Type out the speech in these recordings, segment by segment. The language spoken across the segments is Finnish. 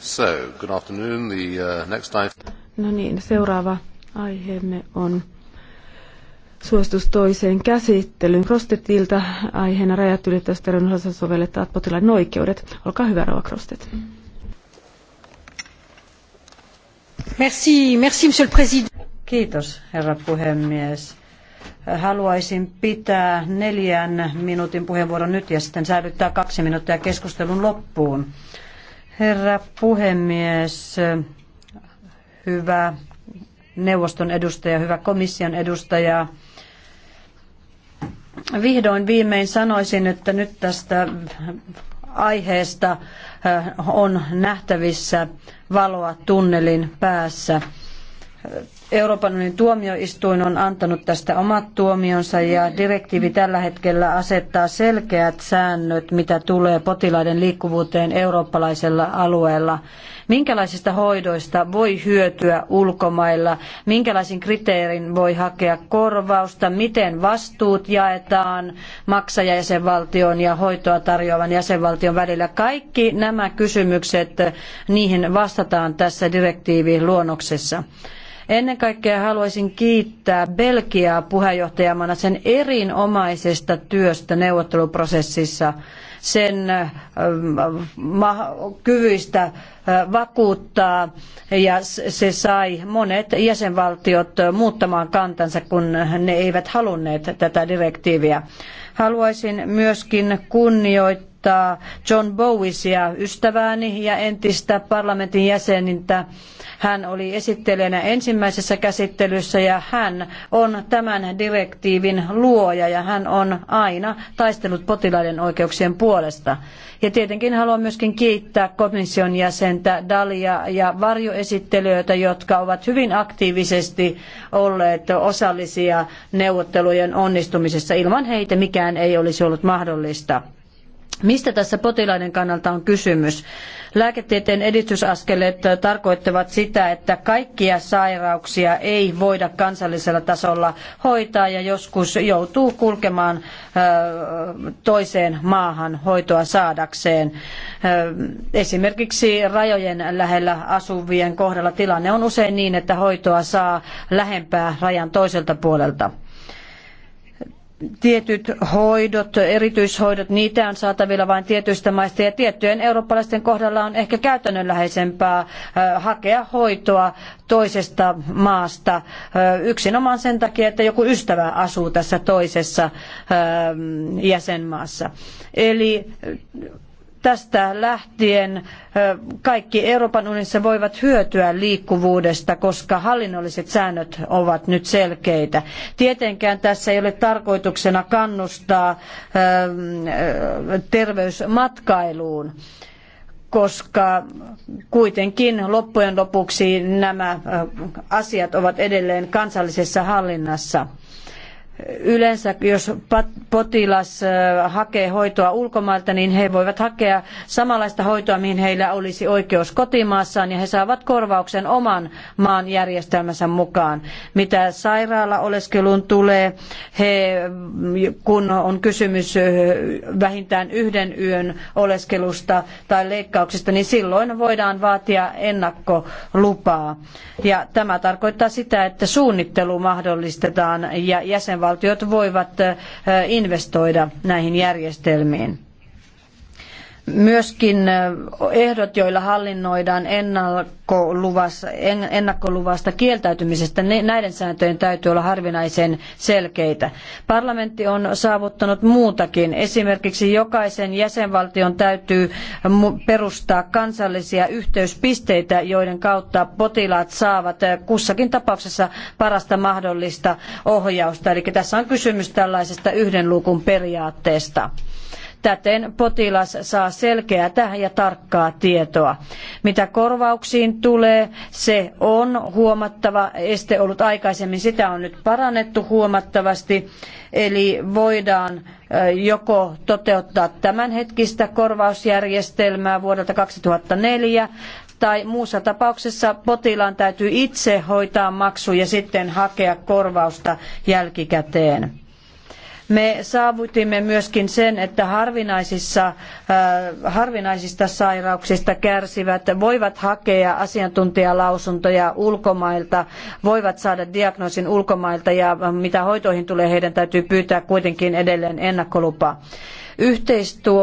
So, good afternoon. The uh, next No niin, seuraava aiheemme on suositus toiseen käsittelyyn. Krostetilta aiheena rajat ylittävästä terveydenhuollossa sovellettavat potilaiden oikeudet. Olkaa hyvä, Rova Krostet. Merci, merci, monsieur le président. Kiitos, herra puhemies haluaisin pitää neljän minuutin puheenvuoron nyt ja sitten säilyttää kaksi minuuttia keskustelun loppuun. Herra puhemies, hyvä neuvoston edustaja, hyvä komission edustaja. Vihdoin viimein sanoisin, että nyt tästä aiheesta äh, on nähtävissä valoa tunnelin päässä Euroopan unionin tuomioistuin on antanut tästä omat tuomionsa ja direktiivi tällä hetkellä asettaa selkeät säännöt, mitä tulee potilaiden liikkuvuuteen eurooppalaisella alueella. Minkälaisista hoidoista voi hyötyä ulkomailla, minkälaisin kriteerin voi hakea korvausta, miten vastuut jaetaan maksajajäsenvaltion ja hoitoa tarjoavan jäsenvaltion välillä. Kaikki nämä kysymykset, niihin vastataan tässä direktiiviluonnoksessa. Ennen kaikkea haluaisin kiittää Belgiaa puheenjohtajamana sen erinomaisesta työstä neuvotteluprosessissa, sen äh, äh, kyvyistä vakuuttaa ja se sai monet jäsenvaltiot muuttamaan kantansa, kun ne eivät halunneet tätä direktiiviä. Haluaisin myöskin kunnioittaa John Bowisia, ystävääni ja entistä parlamentin jäsenintä. Hän oli esittelijänä ensimmäisessä käsittelyssä ja hän on tämän direktiivin luoja ja hän on aina taistellut potilaiden oikeuksien puolesta. Ja tietenkin haluan myöskin kiittää komission jäsen 20 dalia ja varjoesittelijöitä, jotka ovat hyvin aktiivisesti olleet osallisia neuvottelujen onnistumisessa. Ilman heitä mikään ei olisi ollut mahdollista. Mistä tässä potilaiden kannalta on kysymys? Lääketieteen edistysaskeleet tarkoittavat sitä, että kaikkia sairauksia ei voida kansallisella tasolla hoitaa ja joskus joutuu kulkemaan toiseen maahan hoitoa saadakseen. Esimerkiksi rajojen lähellä asuvien kohdalla tilanne on usein niin, että hoitoa saa lähempää rajan toiselta puolelta tietyt hoidot, erityishoidot, niitä on saatavilla vain tietyistä maista ja tiettyjen eurooppalaisten kohdalla on ehkä käytännönläheisempää hakea hoitoa toisesta maasta yksinomaan sen takia, että joku ystävä asuu tässä toisessa jäsenmaassa. Eli tästä lähtien kaikki Euroopan unionissa voivat hyötyä liikkuvuudesta, koska hallinnolliset säännöt ovat nyt selkeitä. Tietenkään tässä ei ole tarkoituksena kannustaa terveysmatkailuun koska kuitenkin loppujen lopuksi nämä asiat ovat edelleen kansallisessa hallinnassa. Yleensä jos potilas hakee hoitoa ulkomailta, niin he voivat hakea samanlaista hoitoa, mihin heillä olisi oikeus kotimaassaan, ja he saavat korvauksen oman maan järjestelmänsä mukaan. Mitä sairaalaoleskeluun tulee, he, kun on kysymys vähintään yhden yön oleskelusta tai leikkauksista, niin silloin voidaan vaatia ennakkolupaa. Ja tämä tarkoittaa sitä, että suunnittelu mahdollistetaan ja jäsenvaltioiden jäsenvaltiot voivat eh, investoida näihin järjestelmiin. Myöskin ehdot, joilla hallinnoidaan ennakkoluvasta, kieltäytymisestä, näiden sääntöjen täytyy olla harvinaisen selkeitä. Parlamentti on saavuttanut muutakin. Esimerkiksi jokaisen jäsenvaltion täytyy perustaa kansallisia yhteyspisteitä, joiden kautta potilaat saavat kussakin tapauksessa parasta mahdollista ohjausta. Eli tässä on kysymys tällaisesta yhden luukun periaatteesta. Täten potilas saa selkeää ja tarkkaa tietoa. Mitä korvauksiin tulee, se on huomattava este ollut aikaisemmin. Sitä on nyt parannettu huomattavasti, eli voidaan joko toteuttaa tämänhetkistä korvausjärjestelmää vuodelta 2004 tai muussa tapauksessa potilaan täytyy itse hoitaa maksu ja sitten hakea korvausta jälkikäteen. Me saavutimme myöskin sen, että harvinaisissa, äh, harvinaisista sairauksista kärsivät voivat hakea asiantuntijalausuntoja ulkomailta, voivat saada diagnoosin ulkomailta ja mitä hoitoihin tulee, heidän täytyy pyytää kuitenkin edelleen ennakkolupa. Yhteistyö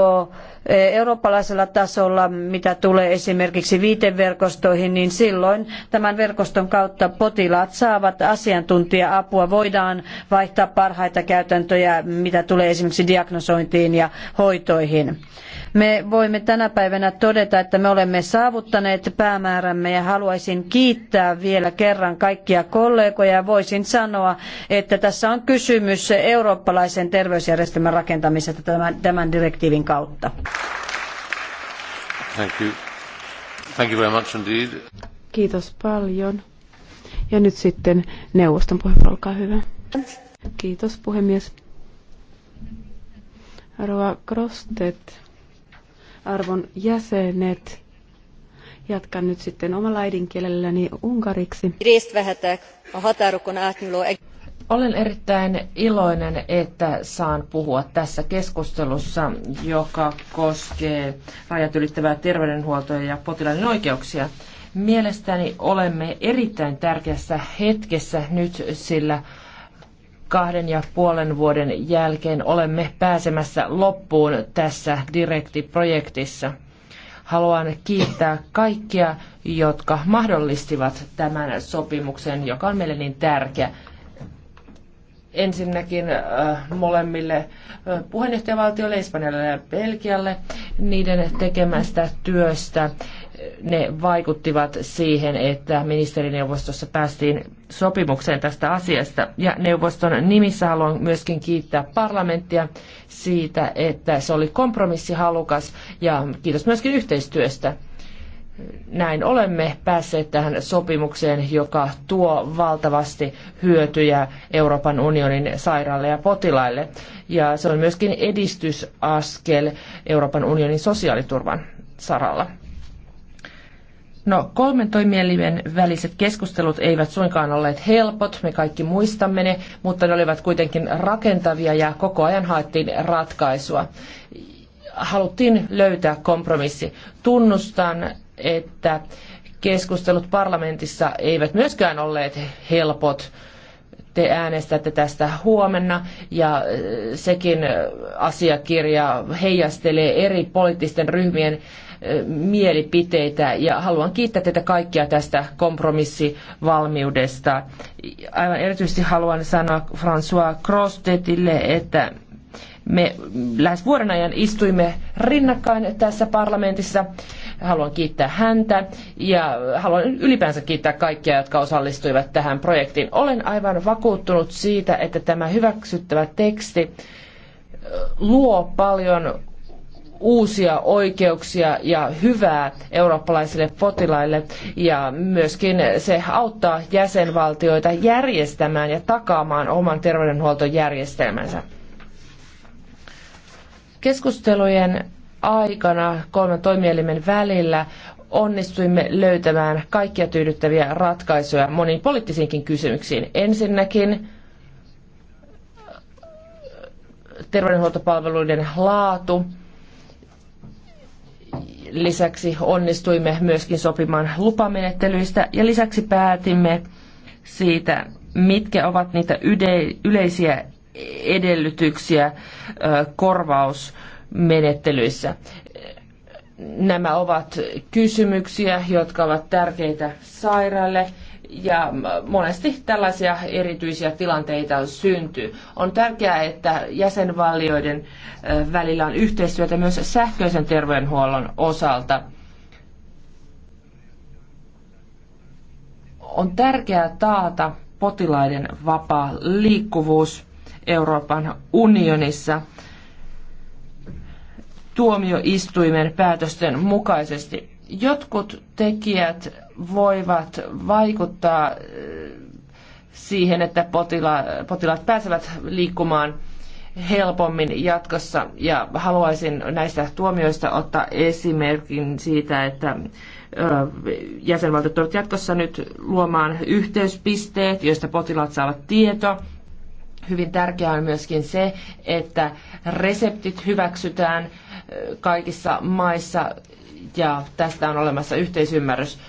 eurooppalaisella tasolla, mitä tulee esimerkiksi viiteverkostoihin, niin silloin tämän verkoston kautta potilaat saavat asiantuntija-apua. Voidaan vaihtaa parhaita käytäntöjä, mitä tulee esimerkiksi diagnosointiin ja hoitoihin. Me voimme tänä päivänä todeta, että me olemme saavuttaneet päämäärämme ja haluaisin kiittää vielä kerran kaikkia kollegoja. Voisin sanoa, että tässä on kysymys eurooppalaisen terveysjärjestelmän rakentamisesta tämän, tämän direktiivin kautta. Thank you. Thank you very much indeed. Kiitos paljon. Ja nyt sitten neuvoston puheenvuoro, olkaa hyvä. Kiitos puhemies. Rova Krostet arvon jäsenet. Jatkan nyt sitten omalla äidinkielelläni unkariksi. Olen erittäin iloinen, että saan puhua tässä keskustelussa, joka koskee rajat ylittävää terveydenhuoltoa ja potilaiden oikeuksia. Mielestäni olemme erittäin tärkeässä hetkessä nyt, sillä kahden ja puolen vuoden jälkeen olemme pääsemässä loppuun tässä direktiprojektissa. Haluan kiittää kaikkia, jotka mahdollistivat tämän sopimuksen, joka on meille niin tärkeä. Ensinnäkin äh, molemmille äh, puheenjohtajavaltioille, Espanjalle ja Belgialle, niiden tekemästä työstä ne vaikuttivat siihen, että ministerineuvostossa päästiin sopimukseen tästä asiasta. Ja neuvoston nimissä haluan myöskin kiittää parlamenttia siitä, että se oli kompromissihalukas ja kiitos myöskin yhteistyöstä. Näin olemme päässeet tähän sopimukseen, joka tuo valtavasti hyötyjä Euroopan unionin sairaille ja potilaille. Ja se on myöskin edistysaskel Euroopan unionin sosiaaliturvan saralla. No, kolmen toimielimen väliset keskustelut eivät suinkaan olleet helpot, me kaikki muistamme ne, mutta ne olivat kuitenkin rakentavia ja koko ajan haettiin ratkaisua. Haluttiin löytää kompromissi. Tunnustan, että keskustelut parlamentissa eivät myöskään olleet helpot. Te äänestätte tästä huomenna ja äh, sekin asiakirja heijastelee eri poliittisten ryhmien mielipiteitä ja haluan kiittää teitä kaikkia tästä kompromissivalmiudesta. Aivan erityisesti haluan sanoa François Crostetille, että me lähes vuoden ajan istuimme rinnakkain tässä parlamentissa. Haluan kiittää häntä ja haluan ylipäänsä kiittää kaikkia, jotka osallistuivat tähän projektiin. Olen aivan vakuuttunut siitä, että tämä hyväksyttävä teksti luo paljon uusia oikeuksia ja hyvää eurooppalaisille potilaille ja myöskin se auttaa jäsenvaltioita järjestämään ja takaamaan oman terveydenhuoltojärjestelmänsä. Keskustelujen aikana kolmen toimielimen välillä onnistuimme löytämään kaikkia tyydyttäviä ratkaisuja moniin poliittisiinkin kysymyksiin. Ensinnäkin terveydenhuoltopalveluiden laatu, Lisäksi onnistuimme myöskin sopimaan lupamenettelyistä ja lisäksi päätimme siitä, mitkä ovat niitä yleisiä edellytyksiä korvausmenettelyissä. Nämä ovat kysymyksiä, jotka ovat tärkeitä sairaille ja monesti tällaisia erityisiä tilanteita syntyy. On tärkeää, että jäsenvaltioiden välillä on yhteistyötä myös sähköisen terveydenhuollon osalta. On tärkeää taata potilaiden vapaa liikkuvuus Euroopan unionissa tuomioistuimen päätösten mukaisesti jotkut tekijät voivat vaikuttaa äh, siihen, että potila- potilaat pääsevät liikkumaan helpommin jatkossa. Ja haluaisin näistä tuomioista ottaa esimerkin siitä, että jäsenvaltiot ovat jatkossa nyt luomaan yhteyspisteet, joista potilaat saavat tietoa. Hyvin tärkeää on myöskin se, että reseptit hyväksytään kaikissa maissa ja tästä on olemassa yhteisymmärrys.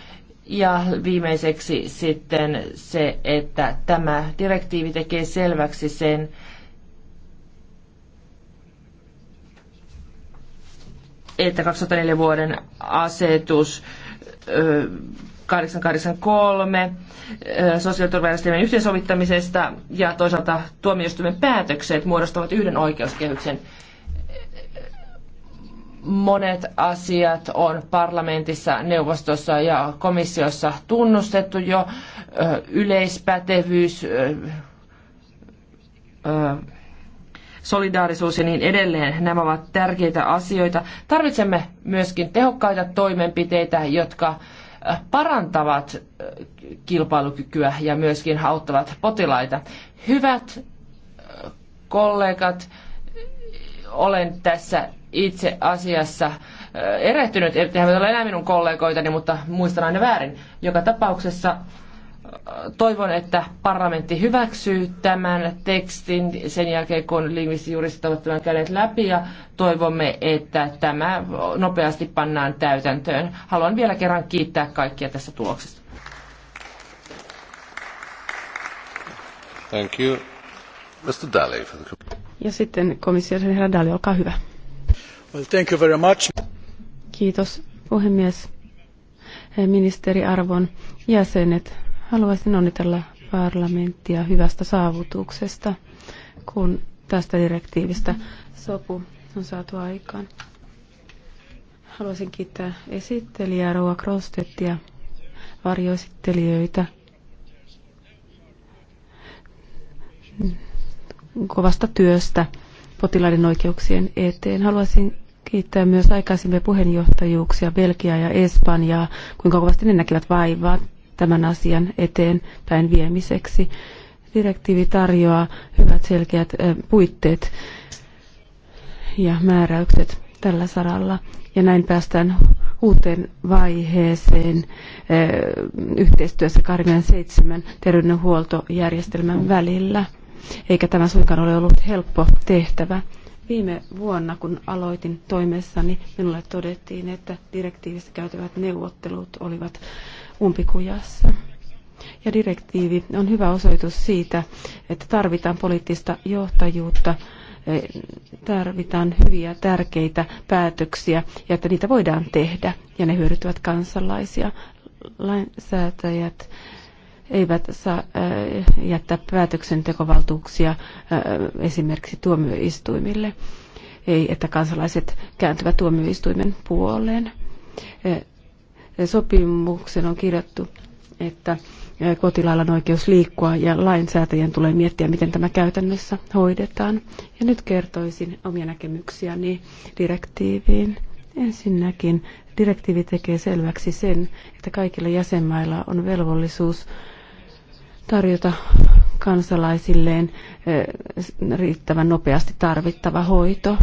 Ja viimeiseksi sitten se, että tämä direktiivi tekee selväksi sen, että 2004 vuoden asetus 883 sosiaaliturvajärjestelmän yhteensovittamisesta ja toisaalta tuomioistuimen päätökset muodostavat yhden oikeuskehyksen monet asiat on parlamentissa, neuvostossa ja komissiossa tunnustettu jo. Yleispätevyys, solidaarisuus ja niin edelleen, nämä ovat tärkeitä asioita. Tarvitsemme myöskin tehokkaita toimenpiteitä, jotka parantavat kilpailukykyä ja myöskin auttavat potilaita. Hyvät kollegat, olen tässä itse asiassa äh, erehtynyt, ettehän ole enää minun kollegoitani, mutta muistan aina väärin. Joka tapauksessa äh, toivon, että parlamentti hyväksyy tämän tekstin sen jälkeen, kun lingvistijuristit ovat tämän kädet läpi ja toivomme, että tämä nopeasti pannaan täytäntöön. Haluan vielä kerran kiittää kaikkia tästä tuloksesta. Thank you. Mr. Daly. Ja sitten komission herra Daly, olkaa hyvä. Kiitos puhemies. Ministeri Arvon jäsenet, haluaisin onnitella parlamenttia hyvästä saavutuksesta, kun tästä direktiivistä sopu on saatu aikaan. Haluaisin kiittää esittelijää Roa Krostettia, varjoesittelijöitä, kovasta työstä potilaiden oikeuksien eteen. Haluaisin kiittää myös aikaisempia puheenjohtajuuksia, Belgiaa ja Espanjaa, kuinka kovasti ne näkivät vaivaa tämän asian eteenpäin viemiseksi. Direktiivi tarjoaa hyvät selkeät puitteet ja määräykset tällä saralla. Ja näin päästään uuteen vaiheeseen yhteistyössä 27 terveydenhuoltojärjestelmän välillä. Eikä tämä suinkaan ole ollut helppo tehtävä. Viime vuonna, kun aloitin toimessani, minulle todettiin, että direktiivistä käytävät neuvottelut olivat umpikujassa. Ja direktiivi on hyvä osoitus siitä, että tarvitaan poliittista johtajuutta, e, tarvitaan hyviä, tärkeitä päätöksiä ja että niitä voidaan tehdä ja ne hyödyttävät kansalaisia. Lainsäätäjät eivät saa äh, jättää päätöksentekovaltuuksia äh, esimerkiksi tuomioistuimille, ei että kansalaiset kääntyvät tuomioistuimen puoleen. Äh, Sopimuksen on kirjattu, että kotilailla on oikeus liikkua ja lainsäätäjien tulee miettiä, miten tämä käytännössä hoidetaan. Ja nyt kertoisin omia näkemyksiäni direktiiviin. Ensinnäkin direktiivi tekee selväksi sen, että kaikilla jäsenmailla on velvollisuus tarjota kansalaisilleen eh, riittävän nopeasti tarvittava hoito.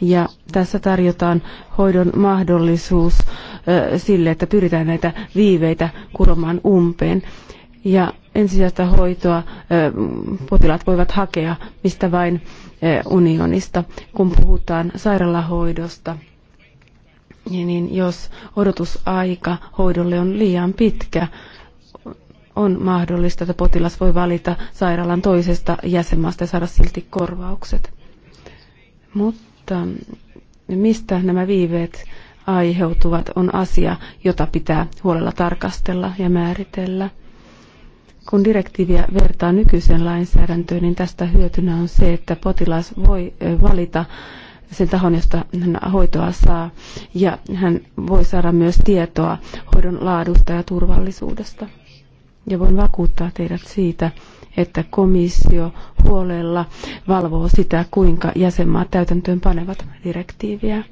Ja tässä tarjotaan hoidon mahdollisuus eh, sille, että pyritään näitä viiveitä kuromaan umpeen. Ja ensisijaista hoitoa eh, potilaat voivat hakea mistä vain unionista, kun puhutaan sairaalahoidosta – niin jos odotusaika hoidolle on liian pitkä, on mahdollista, että potilas voi valita sairaalan toisesta jäsenmaasta ja saada silti korvaukset. Mutta mm, mistä nämä viiveet aiheutuvat on asia, jota pitää huolella tarkastella ja määritellä. Kun direktiiviä vertaa nykyiseen lainsäädäntöön, niin tästä hyötynä on se, että potilas voi valita sen tahon, josta hän hoitoa saa, ja hän voi saada myös tietoa hoidon laadusta ja turvallisuudesta. Ja voin vakuuttaa teidät siitä, että komissio huolella valvoo sitä, kuinka jäsenmaat täytäntöön panevat direktiiviä.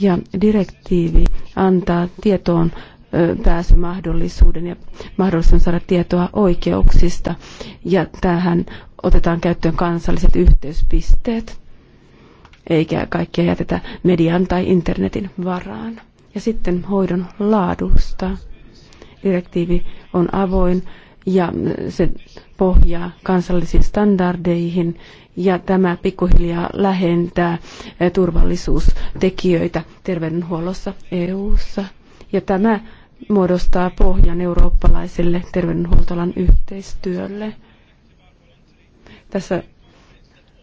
Ja direktiivi antaa tietoon pääsymahdollisuuden ja mahdollisuuden saada tietoa oikeuksista. Ja tähän otetaan käyttöön kansalliset yhteyspisteet eikä kaikkia jätetä median tai internetin varaan. Ja sitten hoidon laadusta. Direktiivi on avoin ja se pohjaa kansallisiin standardeihin ja tämä pikkuhiljaa lähentää eh, turvallisuustekijöitä terveydenhuollossa EU:ssa ja tämä muodostaa pohjan eurooppalaiselle terveydenhuoltolan yhteistyölle. Tässä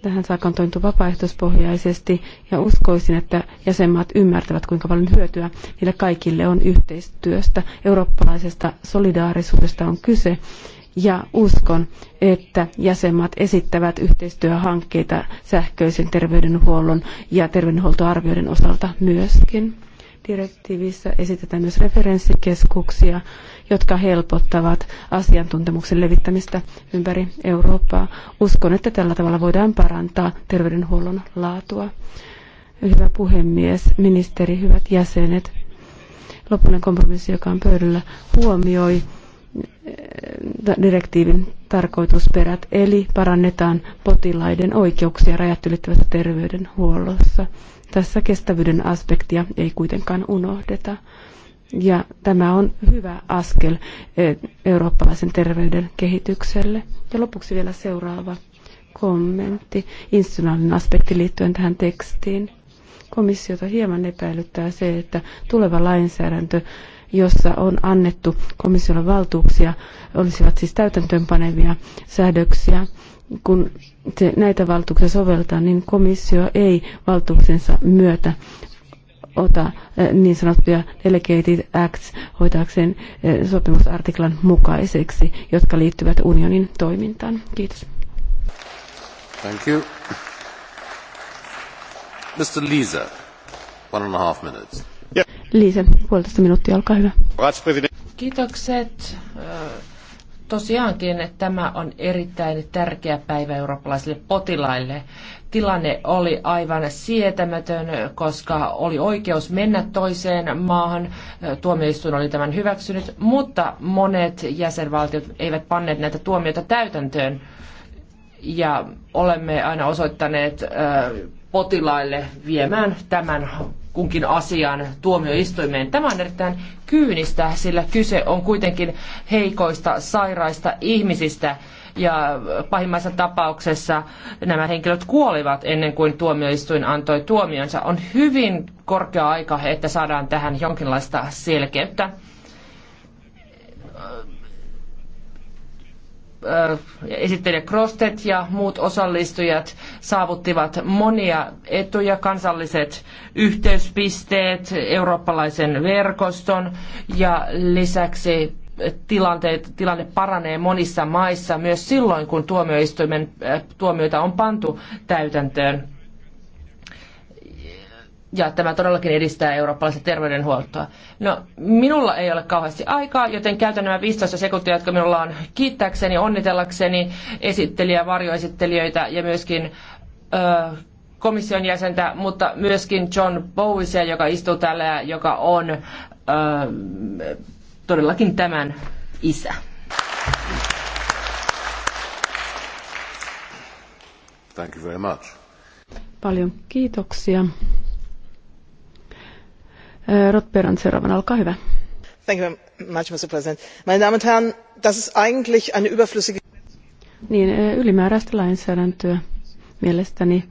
Tähän saakka on toimittu vapaaehtoispohjaisesti ja uskoisin, että jäsenmaat ymmärtävät, kuinka paljon hyötyä niille kaikille on yhteistyöstä. Eurooppalaisesta solidaarisuudesta on kyse ja uskon, että jäsenmaat esittävät yhteistyöhankkeita sähköisen terveydenhuollon ja terveydenhuoltoarvioiden osalta myöskin. Direktiivissä esitetään myös referenssikeskuksia jotka helpottavat asiantuntemuksen levittämistä ympäri Eurooppaa. Uskon, että tällä tavalla voidaan parantaa terveydenhuollon laatua. Hyvä puhemies, ministeri, hyvät jäsenet. Lopullinen kompromissi, joka on pöydällä, huomioi eh, direktiivin tarkoitusperät, eli parannetaan potilaiden oikeuksia rajat ylittävässä terveydenhuollossa. Tässä kestävyyden aspektia ei kuitenkaan unohdeta. Ja tämä on hyvä askel eh, eurooppalaisen terveyden kehitykselle. Ja lopuksi vielä seuraava kommentti institutionaalinen aspekti liittyen tähän tekstiin. Komissiota hieman epäilyttää se, että tuleva lainsäädäntö, jossa on annettu komissiolle valtuuksia, olisivat siis täytäntöönpanevia säädöksiä. Kun se näitä valtuuksia soveltaa, niin komissio ei valtuuksensa myötä ota niin sanottuja delegated acts hoitaakseen sopimusartiklan mukaiseksi, jotka liittyvät unionin toimintaan. Kiitos. Thank you. Mr. Lisa. one and a half minutes. Lisa, puolitoista minuuttia, olkaa hyvä. Kiitokset Tosiaankin tämä on erittäin tärkeä päivä eurooppalaisille potilaille. Tilanne oli aivan sietämätön, koska oli oikeus mennä toiseen maahan. Tuomioistuin oli tämän hyväksynyt, mutta monet jäsenvaltiot eivät panneet näitä tuomioita täytäntöön. Ja olemme aina osoittaneet potilaille viemään tämän kunkin asian tuomioistuimeen. Tämä on erittäin kyynistä, sillä kyse on kuitenkin heikoista, sairaista ihmisistä ja pahimmassa tapauksessa nämä henkilöt kuolivat ennen kuin tuomioistuin antoi tuomionsa. On hyvin korkea aika, että saadaan tähän jonkinlaista selkeyttä. esittelijä Krostet ja muut osallistujat saavuttivat monia etuja, kansalliset yhteyspisteet, eurooppalaisen verkoston ja lisäksi tilanteet, tilanne paranee monissa maissa myös silloin, kun tuomioistuimen tuomioita on pantu täytäntöön ja tämä todellakin edistää eurooppalaista terveydenhuoltoa. No, minulla ei ole kauheasti aikaa, joten käytän nämä 15 sekuntia, jotka minulla on kiittääkseni, onnitellakseni esittelijä, varjoesittelijöitä ja myöskin ö, komission jäsentä, mutta myöskin John Bowisia, joka istuu täällä ja joka on ö, todellakin tämän isä. Thank you very much. Paljon kiitoksia. Rotperan seuraavana, olkaa hyvä. Thank you much, Mr. President. Meine Damen und Herren, das ist eigentlich eine überflüssige... Niin, ylimääräistä lainsäädäntöä mielestäni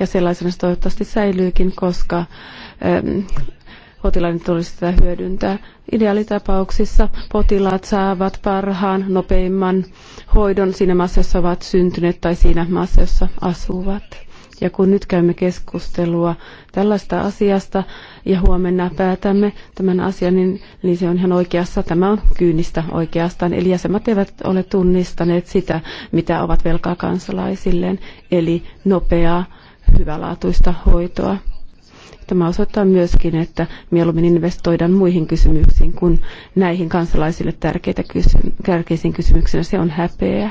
ja sellaisena se toivottavasti säilyykin, koska ähm, potilaiden tulisi sitä hyödyntää. Ideaalitapauksissa potilaat saavat parhaan, nopeimman hoidon siinä maassa, jossa ovat syntyneet tai siinä maassa, jossa asuvat. Ja kun nyt käymme keskustelua tällaista asiasta ja huomenna päätämme tämän asian, niin, niin se on ihan oikeassa. Tämä on kyynistä oikeastaan. Eli jäsenmät eivät ole tunnistaneet sitä, mitä ovat velkaa kansalaisilleen, eli nopeaa, hyvälaatuista hoitoa. Tämä osoittaa myöskin, että mieluummin investoidaan muihin kysymyksiin kuin näihin kansalaisille tärkeitä kysy- tärkeisiin kysymyksiin. Se on häpeä.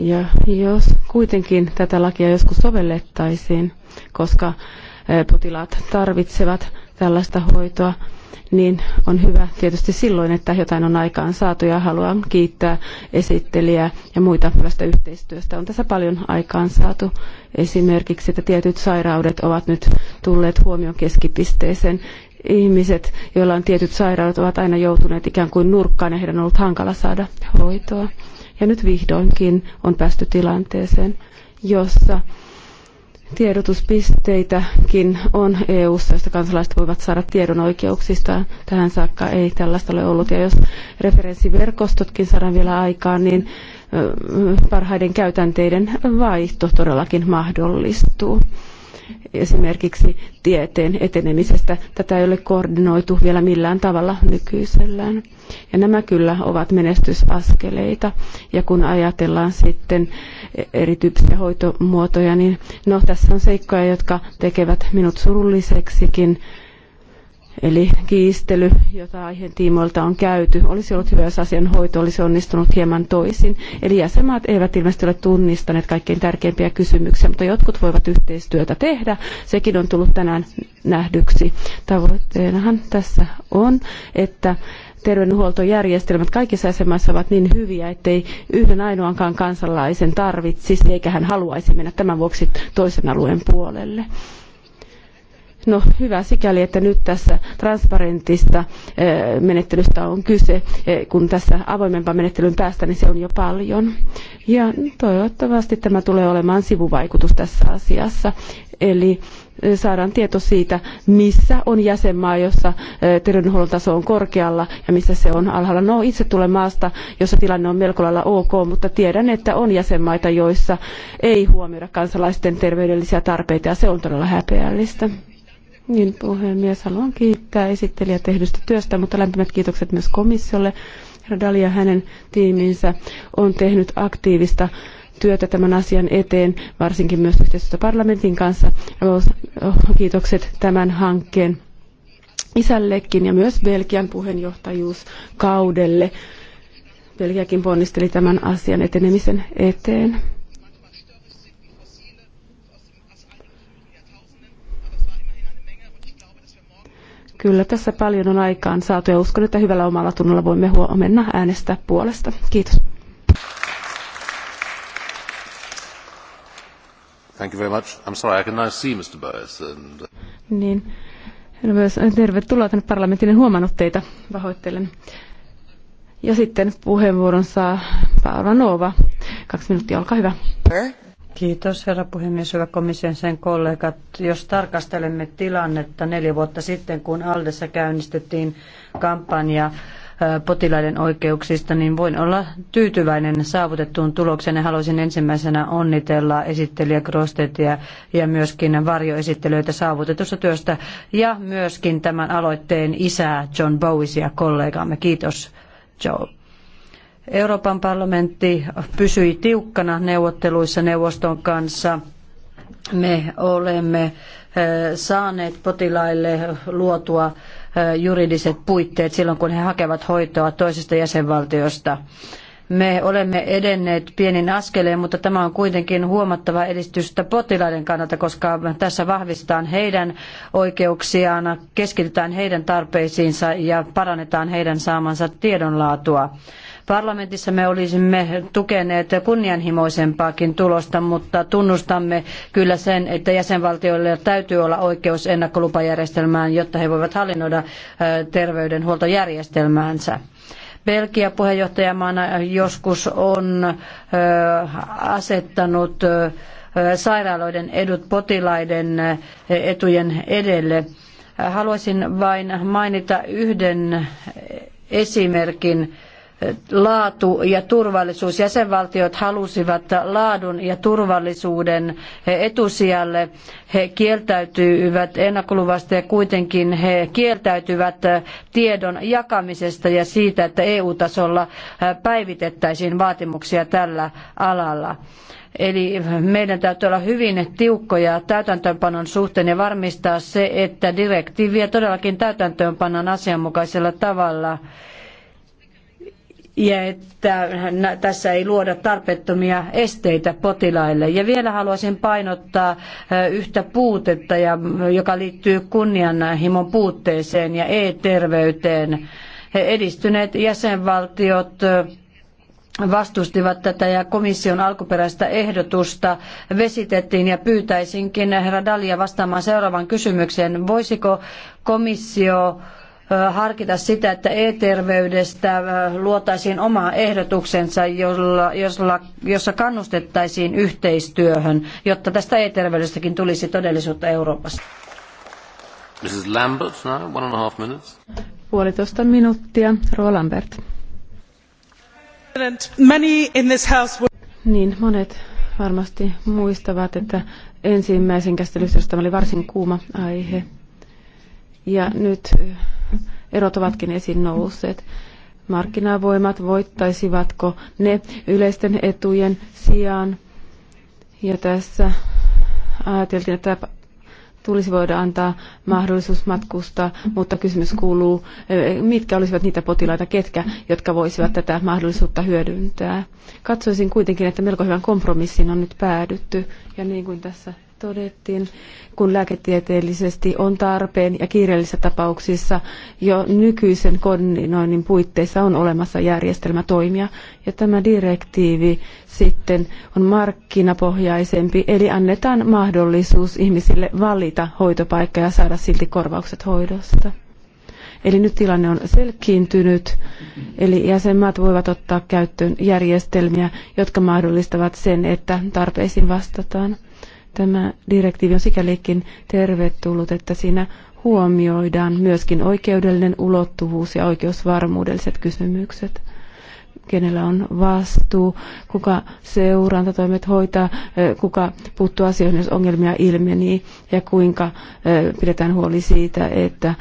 Ja jos kuitenkin tätä lakia joskus sovellettaisiin, koska potilaat tarvitsevat tällaista hoitoa, niin on hyvä tietysti silloin, että jotain on aikaan saatu ja haluan kiittää esittelijää ja muita hyvästä yhteistyöstä. On tässä paljon aikaan saatu esimerkiksi, että tietyt sairaudet ovat nyt tulleet huomion keskipisteeseen. Ihmiset, joilla on tietyt sairaudet, ovat aina joutuneet ikään kuin nurkkaan ja heidän on ollut hankala saada hoitoa. Ja nyt vihdoinkin on päästy tilanteeseen, jossa tiedotuspisteitäkin on EU-ssa, josta kansalaiset voivat saada tiedon oikeuksistaan. Tähän saakka ei tällaista ole ollut. Ja jos referenssiverkostotkin saadaan vielä aikaan, niin parhaiden käytänteiden vaihto todellakin mahdollistuu esimerkiksi tieteen etenemisestä. Tätä ei ole koordinoitu vielä millään tavalla nykyisellään. Ja nämä kyllä ovat menestysaskeleita. Ja kun ajatellaan sitten erityyppisiä hoitomuotoja, niin no tässä on seikkoja, jotka tekevät minut surulliseksikin. Eli kiistely, jota aiheen tiimoilta on käyty, olisi ollut hyvä, jos asian hoito olisi onnistunut hieman toisin. Eli jäsenmaat eivät ilmeisesti ole tunnistaneet kaikkein tärkeimpiä kysymyksiä, mutta jotkut voivat yhteistyötä tehdä. Sekin on tullut tänään nähdyksi. Tavoitteenahan tässä on, että terveydenhuoltojärjestelmät kaikissa jäsenmaissa ovat niin hyviä, ettei yhden ainoankaan kansalaisen tarvitsisi eikä hän haluaisi mennä tämän vuoksi toisen alueen puolelle. No hyvä sikäli, että nyt tässä transparentista eh, menettelystä on kyse. Eh, kun tässä avoimempaan menettelyyn päästään, niin se on jo paljon. Ja toivottavasti tämä tulee olemaan sivuvaikutus tässä asiassa. Eli eh, saadaan tieto siitä, missä on jäsenmaa, jossa terveydenhuollon taso on korkealla ja missä se on alhaalla. No itse tulen maasta, jossa tilanne on melko lailla ok, mutta tiedän, että on jäsenmaita, joissa ei huomioida kansalaisten terveydellisiä tarpeita ja se on todella häpeällistä. Niin, puhemies, haluan kiittää esittelijä tehdystä työstä, mutta lämpimät kiitokset myös komissiolle. Herra Dalia hänen tiiminsä on tehnyt aktiivista työtä tämän asian eteen, varsinkin myös yhteistyötä parlamentin kanssa. Oh, kiitokset tämän hankkeen isällekin ja myös Belgian puheenjohtajuuskaudelle. Belgiakin ponnisteli tämän asian etenemisen eteen. Kyllä tässä paljon on aikaan saatu ja uskon, että hyvällä omalla tunnolla voimme huomenna äänestää puolesta. Kiitos. Thank you very much. I'm sorry, I can now see Mr. Burris. And... Uh, niin. Tervetuloa tänne parlamenttiin. En huomannut teitä. Pahoittelen. Ja sitten puheenvuoron saa Paula Nova. Kaksi minuuttia, olkaa hyvä. Kiitos herra puhemies, hyvä komission sen kollegat. Jos tarkastelemme tilannetta neljä vuotta sitten, kun Aldessa käynnistettiin kampanja potilaiden oikeuksista, niin voin olla tyytyväinen saavutettuun tulokseen ja haluaisin ensimmäisenä onnitella esittelijä Grostetia ja myöskin varjoesittelijöitä saavutetusta työstä ja myöskin tämän aloitteen isää John Bowisia kollegaamme. Kiitos Joe. Euroopan parlamentti pysyi tiukkana neuvotteluissa neuvoston kanssa. Me olemme eh, saaneet potilaille luotua eh, juridiset puitteet silloin, kun he hakevat hoitoa toisesta jäsenvaltiosta. Me olemme edenneet pienin askeleen, mutta tämä on kuitenkin huomattava edistystä potilaiden kannalta, koska tässä vahvistetaan heidän oikeuksiaan, keskitytään heidän tarpeisiinsa ja parannetaan heidän saamansa tiedonlaatua. Parlamentissa me olisimme tukeneet kunnianhimoisempaakin tulosta, mutta tunnustamme kyllä sen, että jäsenvaltioilla täytyy olla oikeus ennakkolupajärjestelmään, jotta he voivat hallinnoida terveydenhuoltojärjestelmäänsä. Belgia puheenjohtajamaana joskus on asettanut sairaaloiden edut potilaiden etujen edelle. Haluaisin vain mainita yhden esimerkin laatu ja turvallisuus. Jäsenvaltiot halusivat laadun ja turvallisuuden etusijalle. He kieltäytyivät ennakkoluvasta ja kuitenkin he kieltäytyvät tiedon jakamisesta ja siitä, että EU-tasolla päivitettäisiin vaatimuksia tällä alalla. Eli meidän täytyy olla hyvin tiukkoja täytäntöönpanon suhteen ja varmistaa se, että direktiiviä todellakin täytäntöönpannaan asianmukaisella tavalla ja että tässä ei luoda tarpeettomia esteitä potilaille. Ja vielä haluaisin painottaa yhtä puutetta, joka liittyy kunnianhimon puutteeseen ja e-terveyteen. Edistyneet jäsenvaltiot vastustivat tätä ja komission alkuperäistä ehdotusta vesitettiin ja pyytäisinkin herra Dalia vastaamaan seuraavaan kysymykseen. Voisiko komissio harkita sitä, että e-terveydestä luotaisiin oma ehdotuksensa, jolla, jossa kannustettaisiin yhteistyöhön, jotta tästä e-terveydestäkin tulisi todellisuutta Euroopassa. Mrs. Lambert, now, one and a half minutes. Puolitoista minuuttia, Rova Lambert. Many in this house Niin, monet varmasti muistavat, että ensimmäisen käsittelyssä tämä oli varsin kuuma aihe. Ja nyt erot ovatkin esiin nousseet. Markkinavoimat voittaisivatko ne yleisten etujen sijaan? Ja tässä ajateltiin, että tulisi voida antaa mahdollisuus matkustaa, mutta kysymys kuuluu, mitkä olisivat niitä potilaita, ketkä, jotka voisivat tätä mahdollisuutta hyödyntää. Katsoisin kuitenkin, että melko hyvän kompromissin on nyt päädytty, ja niin kuin tässä todettiin, kun lääketieteellisesti on tarpeen ja kiireellisissä tapauksissa jo nykyisen koordinoinnin puitteissa on olemassa järjestelmä toimia. Ja tämä direktiivi sitten on markkinapohjaisempi, eli annetaan mahdollisuus ihmisille valita hoitopaikka ja saada silti korvaukset hoidosta. Eli nyt tilanne on selkiintynyt, eli jäsenmaat voivat ottaa käyttöön järjestelmiä, jotka mahdollistavat sen, että tarpeisiin vastataan. Tämä direktiivi on sikälikin tervetullut, että siinä huomioidaan myöskin oikeudellinen ulottuvuus ja oikeusvarmuudelliset kysymykset kenellä on vastuu, kuka seurantatoimet hoitaa, kuka puuttuu asioihin, jos ongelmia ilmenee ja kuinka pidetään huoli siitä, että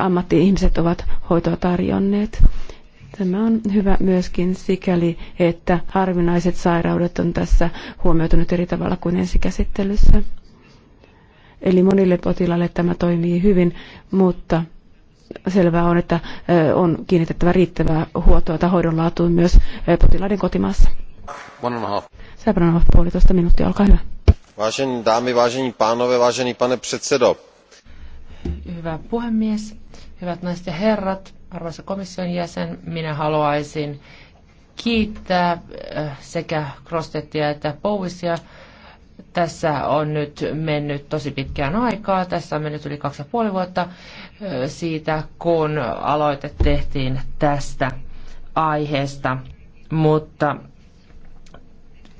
ammatti-ihmiset ovat hoitoa tarjonneet. Tämä on hyvä myöskin sikäli, että harvinaiset sairaudet on tässä huomioitu nyt eri tavalla kuin ensikäsittelyssä. Eli monille potilaille tämä toimii hyvin, mutta selvää on, että on kiinnitettävä riittävää huoltoa tai hoidon laatuun myös potilaiden kotimaassa. One and a half. puolitoista minuuttia, olkaa hyvä. Vážení dámy, vážení pánové, vážený pane předsedo. Hyvä puhemies, hyvät naiset ja herrat. Arvoisa komission jäsen, minä haluaisin kiittää eh, sekä Krostettia että Powisia. Tässä on nyt mennyt tosi pitkään aikaa. Tässä on mennyt yli kaksi ja puoli vuotta eh, siitä, kun aloite tehtiin tästä aiheesta. Mutta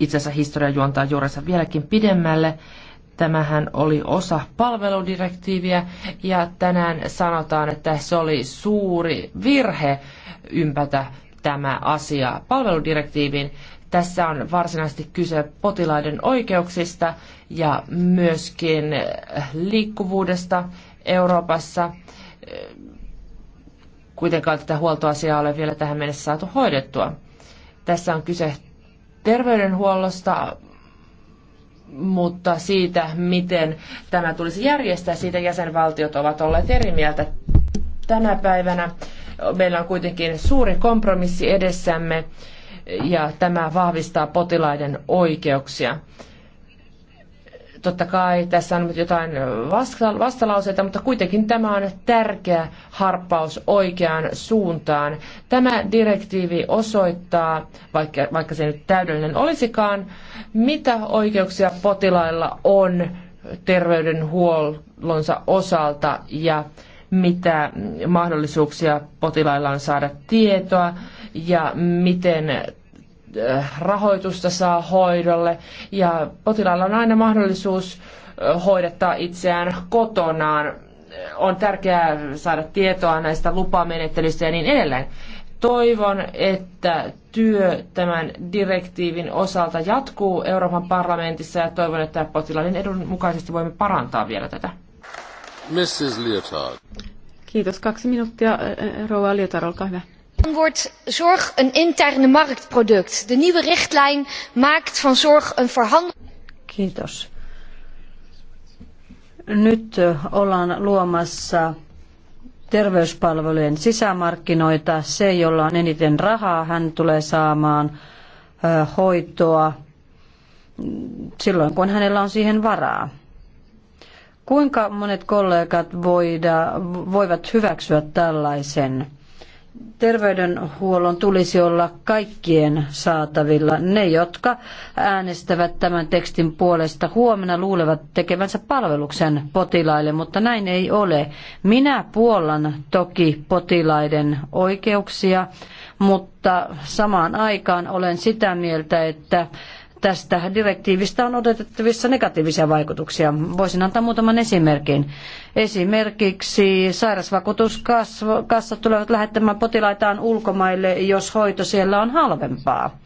itse asiassa historia juontaa juurensa vieläkin pidemmälle. Tämähän oli osa palveludirektiiviä ja tänään sanotaan, että se oli suuri virhe ympätä tämä asia palveludirektiivin. Tässä on varsinaisesti kyse potilaiden oikeuksista ja myöskin liikkuvuudesta Euroopassa. Kuitenkaan tätä huoltoasiaa ole vielä tähän mennessä saatu hoidettua. Tässä on kyse terveydenhuollosta, mutta siitä, miten tämä tulisi järjestää, siitä jäsenvaltiot ovat olleet eri mieltä tänä päivänä. Meillä on kuitenkin suuri kompromissi edessämme ja tämä vahvistaa potilaiden oikeuksia. Totta kai tässä on jotain vastalauseita, mutta kuitenkin tämä on tärkeä harppaus oikeaan suuntaan. Tämä direktiivi osoittaa, vaikka, vaikka se nyt täydellinen olisikaan, mitä oikeuksia potilailla on terveydenhuollonsa osalta ja mitä mahdollisuuksia potilailla on saada tietoa ja miten Äh, rahoitusta saa hoidolle ja potilaalla on aina mahdollisuus äh, hoidettaa itseään kotonaan. Äh, on tärkeää saada tietoa näistä lupamenettelyistä ja niin edelleen. Toivon, että työ tämän direktiivin osalta jatkuu Euroopan parlamentissa ja toivon, että potilaiden edun mukaisesti voimme parantaa vielä tätä. Mrs. Leotard. Kiitos. Kaksi minuuttia. Rouva Leotard, olkaa hyvä wordt zorg een interne marktproduct. De nieuwe richtlijn maakt van zorg een verhandel. Nyt eh, ollaan luomassa terveyspalvelujen sisämarkkinoita. Se, jolla on eniten rahaa, hän tulee saamaan eh, hoitoa silloin, kun hänellä on siihen varaa. Kuinka monet kollegat voida, voivat hyväksyä tällaisen terveydenhuollon tulisi olla kaikkien saatavilla. Ne, jotka äänestävät tämän tekstin puolesta huomenna, luulevat tekevänsä palveluksen potilaille, mutta näin ei ole. Minä puollan toki potilaiden oikeuksia, mutta samaan aikaan olen sitä mieltä, että tästä direktiivistä on odotettavissa negatiivisia vaikutuksia. Voisin antaa muutaman esimerkin. Esimerkiksi sairausvakuutuskassat tulevat lähettämään potilaitaan ulkomaille, jos hoito siellä on halvempaa.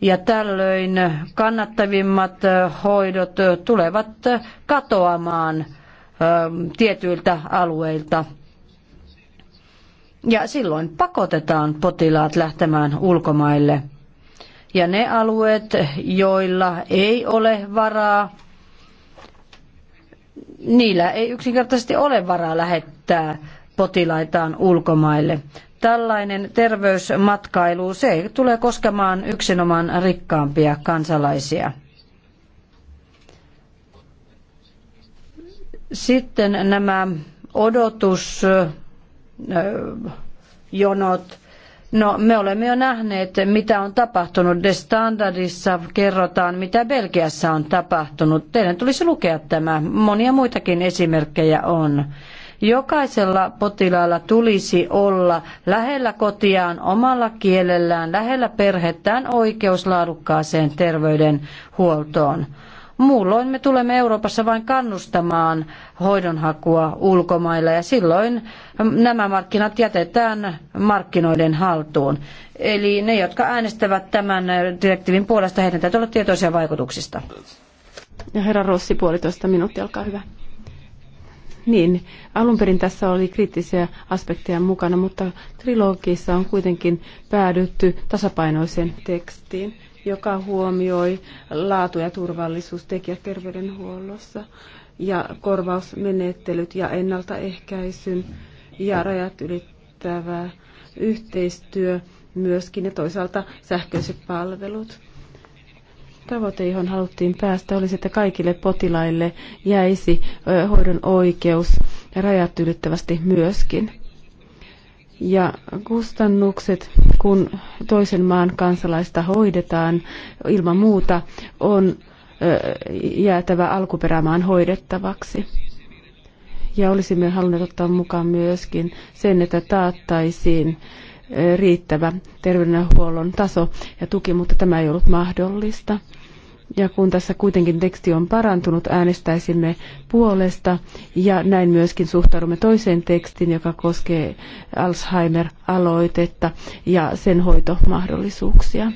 Ja tällöin kannattavimmat hoidot tulevat katoamaan tietyiltä alueilta. Ja silloin pakotetaan potilaat lähtemään ulkomaille – ja ne alueet, joilla ei ole varaa, niillä ei yksinkertaisesti ole varaa lähettää potilaitaan ulkomaille. Tällainen terveysmatkailu, se tulee koskemaan yksinomaan rikkaampia kansalaisia. Sitten nämä odotusjonot No me olemme jo nähneet, mitä on tapahtunut. De Standardissa kerrotaan, mitä Belgiassa on tapahtunut. Teidän tulisi lukea tämä. Monia muitakin esimerkkejä on. Jokaisella potilaalla tulisi olla lähellä kotiaan, omalla kielellään, lähellä perhettään oikeus laadukkaaseen terveydenhuoltoon. Muulloin me tulemme Euroopassa vain kannustamaan hoidonhakua ulkomailla ja silloin nämä markkinat jätetään markkinoiden haltuun. Eli ne, jotka äänestävät tämän direktiivin puolesta, heidän täytyy olla tietoisia vaikutuksista. Ja herra Rossi, puolitoista minuuttia, olkaa hyvä. Niin, alun perin tässä oli kriittisiä aspekteja mukana, mutta trilogissa on kuitenkin päädytty tasapainoiseen tekstiin joka huomioi laatu- ja turvallisuustekijät terveydenhuollossa ja korvausmenettelyt ja ennaltaehkäisyn ja rajat ylittävä yhteistyö myöskin ja toisaalta sähköiset palvelut. Tavoite, johon haluttiin päästä, olisi, että kaikille potilaille jäisi hoidon oikeus ja rajat ylittävästi myöskin ja kustannukset, kun toisen maan kansalaista hoidetaan, ilman muuta on jäätävä alkuperämaan hoidettavaksi. Ja olisimme halunneet ottaa mukaan myöskin sen, että taattaisiin riittävä terveydenhuollon taso ja tuki, mutta tämä ei ollut mahdollista. Ja kun tässä kuitenkin teksti on parantunut, äänestäisimme puolesta ja näin myöskin suhtaudumme toiseen tekstiin, joka koskee Alzheimer-aloitetta ja sen hoitomahdollisuuksia.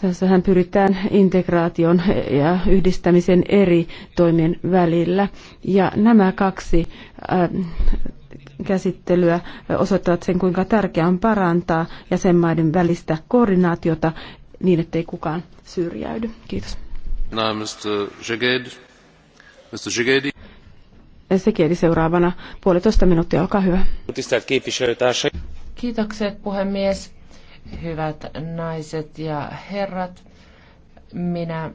Tässähän pyritään integraation ja yhdistämisen eri toimien välillä. Ja nämä kaksi äh, käsittelyä osoittavat sen, kuinka tärkeää on parantaa jäsenmaiden välistä koordinaatiota niin, ettei kukaan syrjäydy. Kiitos. No, Mr. Jeged. Mr. Jegedi. seuraavana puolitoista minuuttia, olkaa hyvä. Kiitokset puhemies, hyvät naiset ja herrat. Minä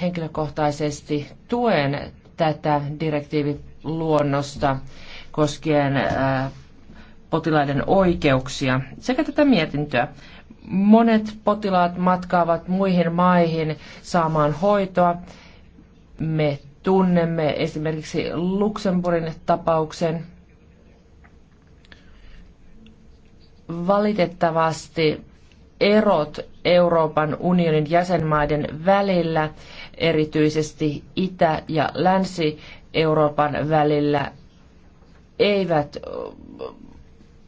henkilökohtaisesti tuen tätä direktiiviluonnosta koskien äh, potilaiden oikeuksia sekä tätä mietintöä. Monet potilaat matkaavat muihin maihin saamaan hoitoa. Me tunnemme esimerkiksi Luxemburgin tapauksen. Valitettavasti erot Euroopan unionin jäsenmaiden välillä, erityisesti Itä- ja Länsi-Euroopan välillä, eivät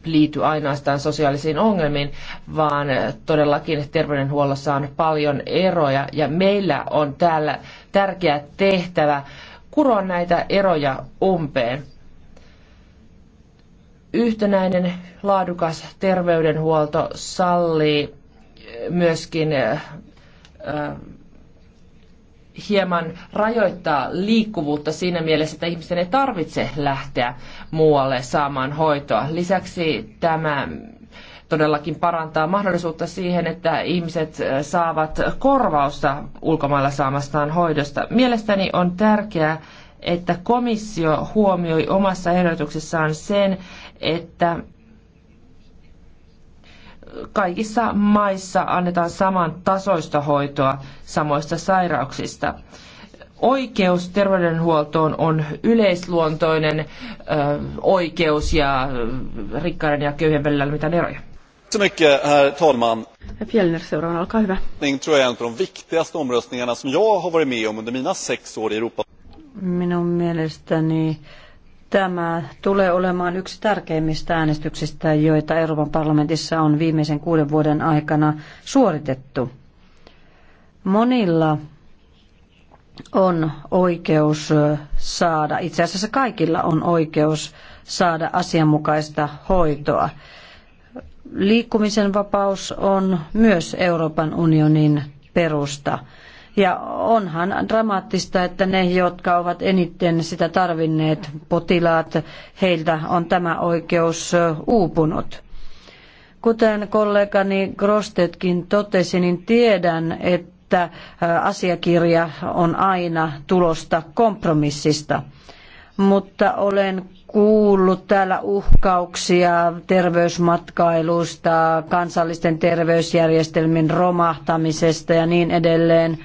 liity ainoastaan sosiaalisiin ongelmiin, vaan todellakin terveydenhuollossa on paljon eroja ja meillä on täällä tärkeä tehtävä kuroa näitä eroja umpeen. Yhtenäinen laadukas terveydenhuolto sallii myöskin äh, äh, hieman rajoittaa liikkuvuutta siinä mielessä, että ihmisten ei tarvitse lähteä muualle saamaan hoitoa. Lisäksi tämä todellakin parantaa mahdollisuutta siihen, että ihmiset saavat korvausta ulkomailla saamastaan hoidosta. Mielestäni on tärkeää, että komissio huomioi omassa ehdotuksessaan sen, että kaikissa maissa annetaan saman tasoista hoitoa samoista sairauksista. Oikeus terveydenhuoltoon on yleisluontoinen ö, oikeus ja rikkaiden ja köyhien välillä ei mitään eroja. Fjellner, seuraavana, olkaa hyvä. tror jag är en av de viktigaste omröstningarna som jag har varit med om under mina sex år i Europa. Minun mielestäni Tämä tulee olemaan yksi tärkeimmistä äänestyksistä, joita Euroopan parlamentissa on viimeisen kuuden vuoden aikana suoritettu. Monilla on oikeus saada, itse asiassa kaikilla on oikeus saada asianmukaista hoitoa. Liikkumisen vapaus on myös Euroopan unionin perusta. Ja onhan dramaattista, että ne, jotka ovat eniten sitä tarvinneet, potilaat, heiltä on tämä oikeus uupunut. Kuten kollegani Grostetkin totesi, niin tiedän, että asiakirja on aina tulosta kompromissista. Mutta olen kuullut täällä uhkauksia terveysmatkailusta, kansallisten terveysjärjestelmien romahtamisesta ja niin edelleen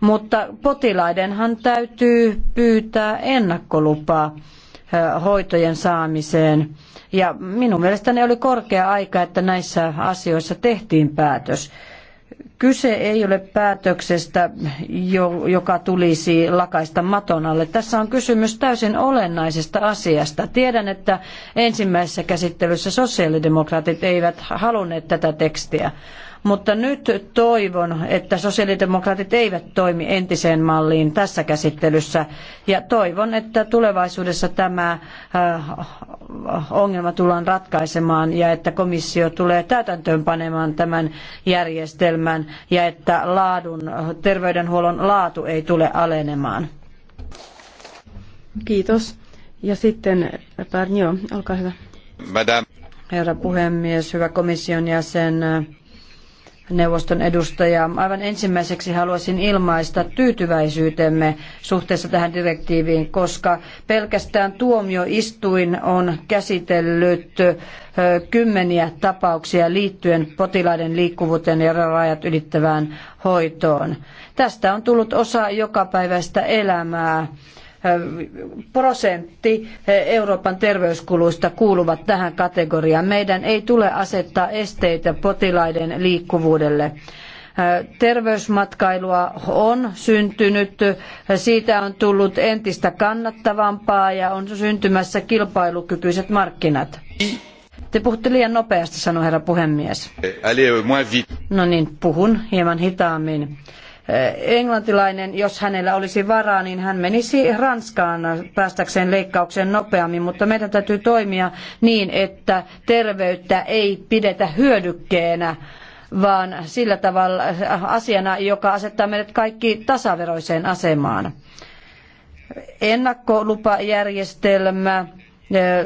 mutta potilaidenhan täytyy pyytää ennakkolupaa hoitojen saamiseen. Ja minun mielestäni oli korkea aika, että näissä asioissa tehtiin päätös. Kyse ei ole päätöksestä, joka tulisi lakaista maton alle. Tässä on kysymys täysin olennaisesta asiasta. Tiedän, että ensimmäisessä käsittelyssä sosiaalidemokraatit eivät halunneet tätä tekstiä, mutta nyt toivon, että sosiaalidemokraatit eivät toimi entiseen malliin tässä käsittelyssä. Ja toivon, että tulevaisuudessa tämä äh, ongelma tullaan ratkaisemaan ja että komissio tulee täytäntöönpanemaan tämän järjestelmän ja että laadun, terveydenhuollon laatu ei tule alenemaan. Kiitos. Ja sitten Pärnio, olkaa hyvä. Madame. Herra puhemies, hyvä komission jäsen neuvoston edustajaa. Aivan ensimmäiseksi haluaisin ilmaista tyytyväisyytemme suhteessa tähän direktiiviin, koska pelkästään tuomioistuin on käsitellyt kymmeniä tapauksia liittyen potilaiden liikkuvuuteen ja rajat ylittävään hoitoon. Tästä on tullut osa jokapäiväistä elämää prosentti Euroopan terveyskuluista kuuluvat tähän kategoriaan. Meidän ei tule asettaa esteitä potilaiden liikkuvuudelle terveysmatkailua on syntynyt, siitä on tullut entistä kannattavampaa ja on syntymässä kilpailukykyiset markkinat. Te puhutte liian nopeasti, sanoi herra puhemies. Euh, no niin, puhun hieman hitaammin englantilainen, jos hänellä olisi varaa, niin hän menisi Ranskaan päästäkseen leikkaukseen nopeammin, mutta meidän täytyy toimia niin, että terveyttä ei pidetä hyödykkeenä vaan sillä tavalla äh, asiana, joka asettaa meidät kaikki tasaveroiseen asemaan. Ennakkolupajärjestelmä,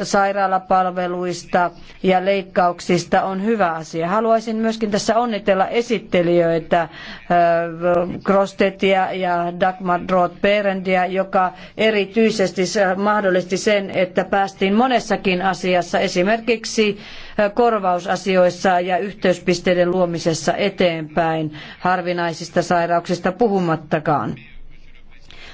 sairaalapalveluista ja leikkauksista on hyvä asia. Haluaisin myöskin tässä onnitella esittelijöitä Krostetia ja Dagmar Roth-Berendia, joka erityisesti mahdollisti sen, että päästiin monessakin asiassa, esimerkiksi korvausasioissa ja yhteyspisteiden luomisessa eteenpäin, harvinaisista sairauksista puhumattakaan.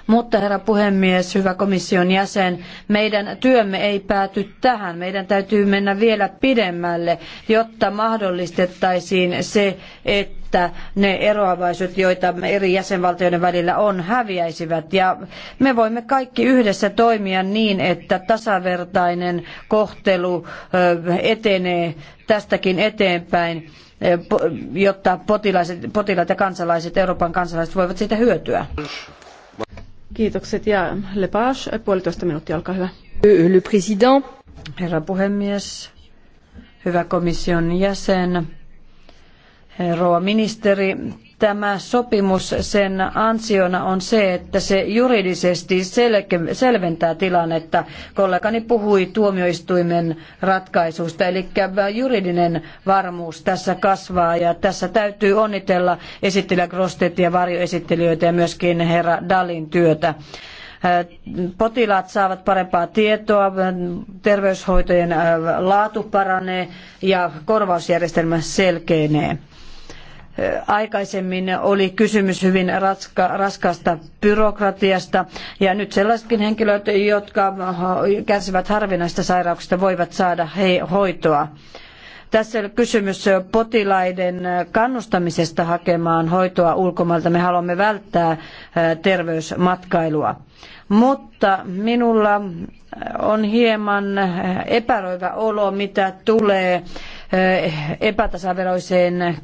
Mutta herra puhemies, hyvä komission jäsen, meidän työmme ei pääty tähän. Meidän täytyy mennä vielä pidemmälle, jotta mahdollistettaisiin se, että ne eroavaisuudet, joita eri jäsenvaltioiden välillä on, häviäisivät. Ja me voimme kaikki yhdessä toimia niin, että tasavertainen kohtelu etenee tästäkin eteenpäin, jotta potilaat ja kansalaiset, Euroopan kansalaiset voivat siitä hyötyä. Kiitokset ja Lepage, puolitoista minuuttia, olkaa hyvä. Le président. Herra puhemies, hyvä komission jäsen, rouva ministeri, tämä sopimus, sen ansiona on se, että se juridisesti selke- selventää tilannetta. Kollegani puhui tuomioistuimen ratkaisusta, eli juridinen varmuus tässä kasvaa ja tässä täytyy onnitella esittelijä Grostet ja varjoesittelijöitä ja myöskin herra Dalin työtä äh, potilaat saavat parempaa tietoa, terveyshoitojen äh, laatu paranee ja korvausjärjestelmä selkeenee. Aikaisemmin oli kysymys hyvin raska, raskaasta byrokratiasta ja nyt sellaisetkin henkilöt, jotka kärsivät harvinaista sairauksista, voivat saada hoitoa. Tässä on kysymys potilaiden kannustamisesta hakemaan hoitoa ulkomailta. Me haluamme välttää terveysmatkailua. Mutta minulla on hieman epäröivä olo, mitä tulee epätasaveroiseen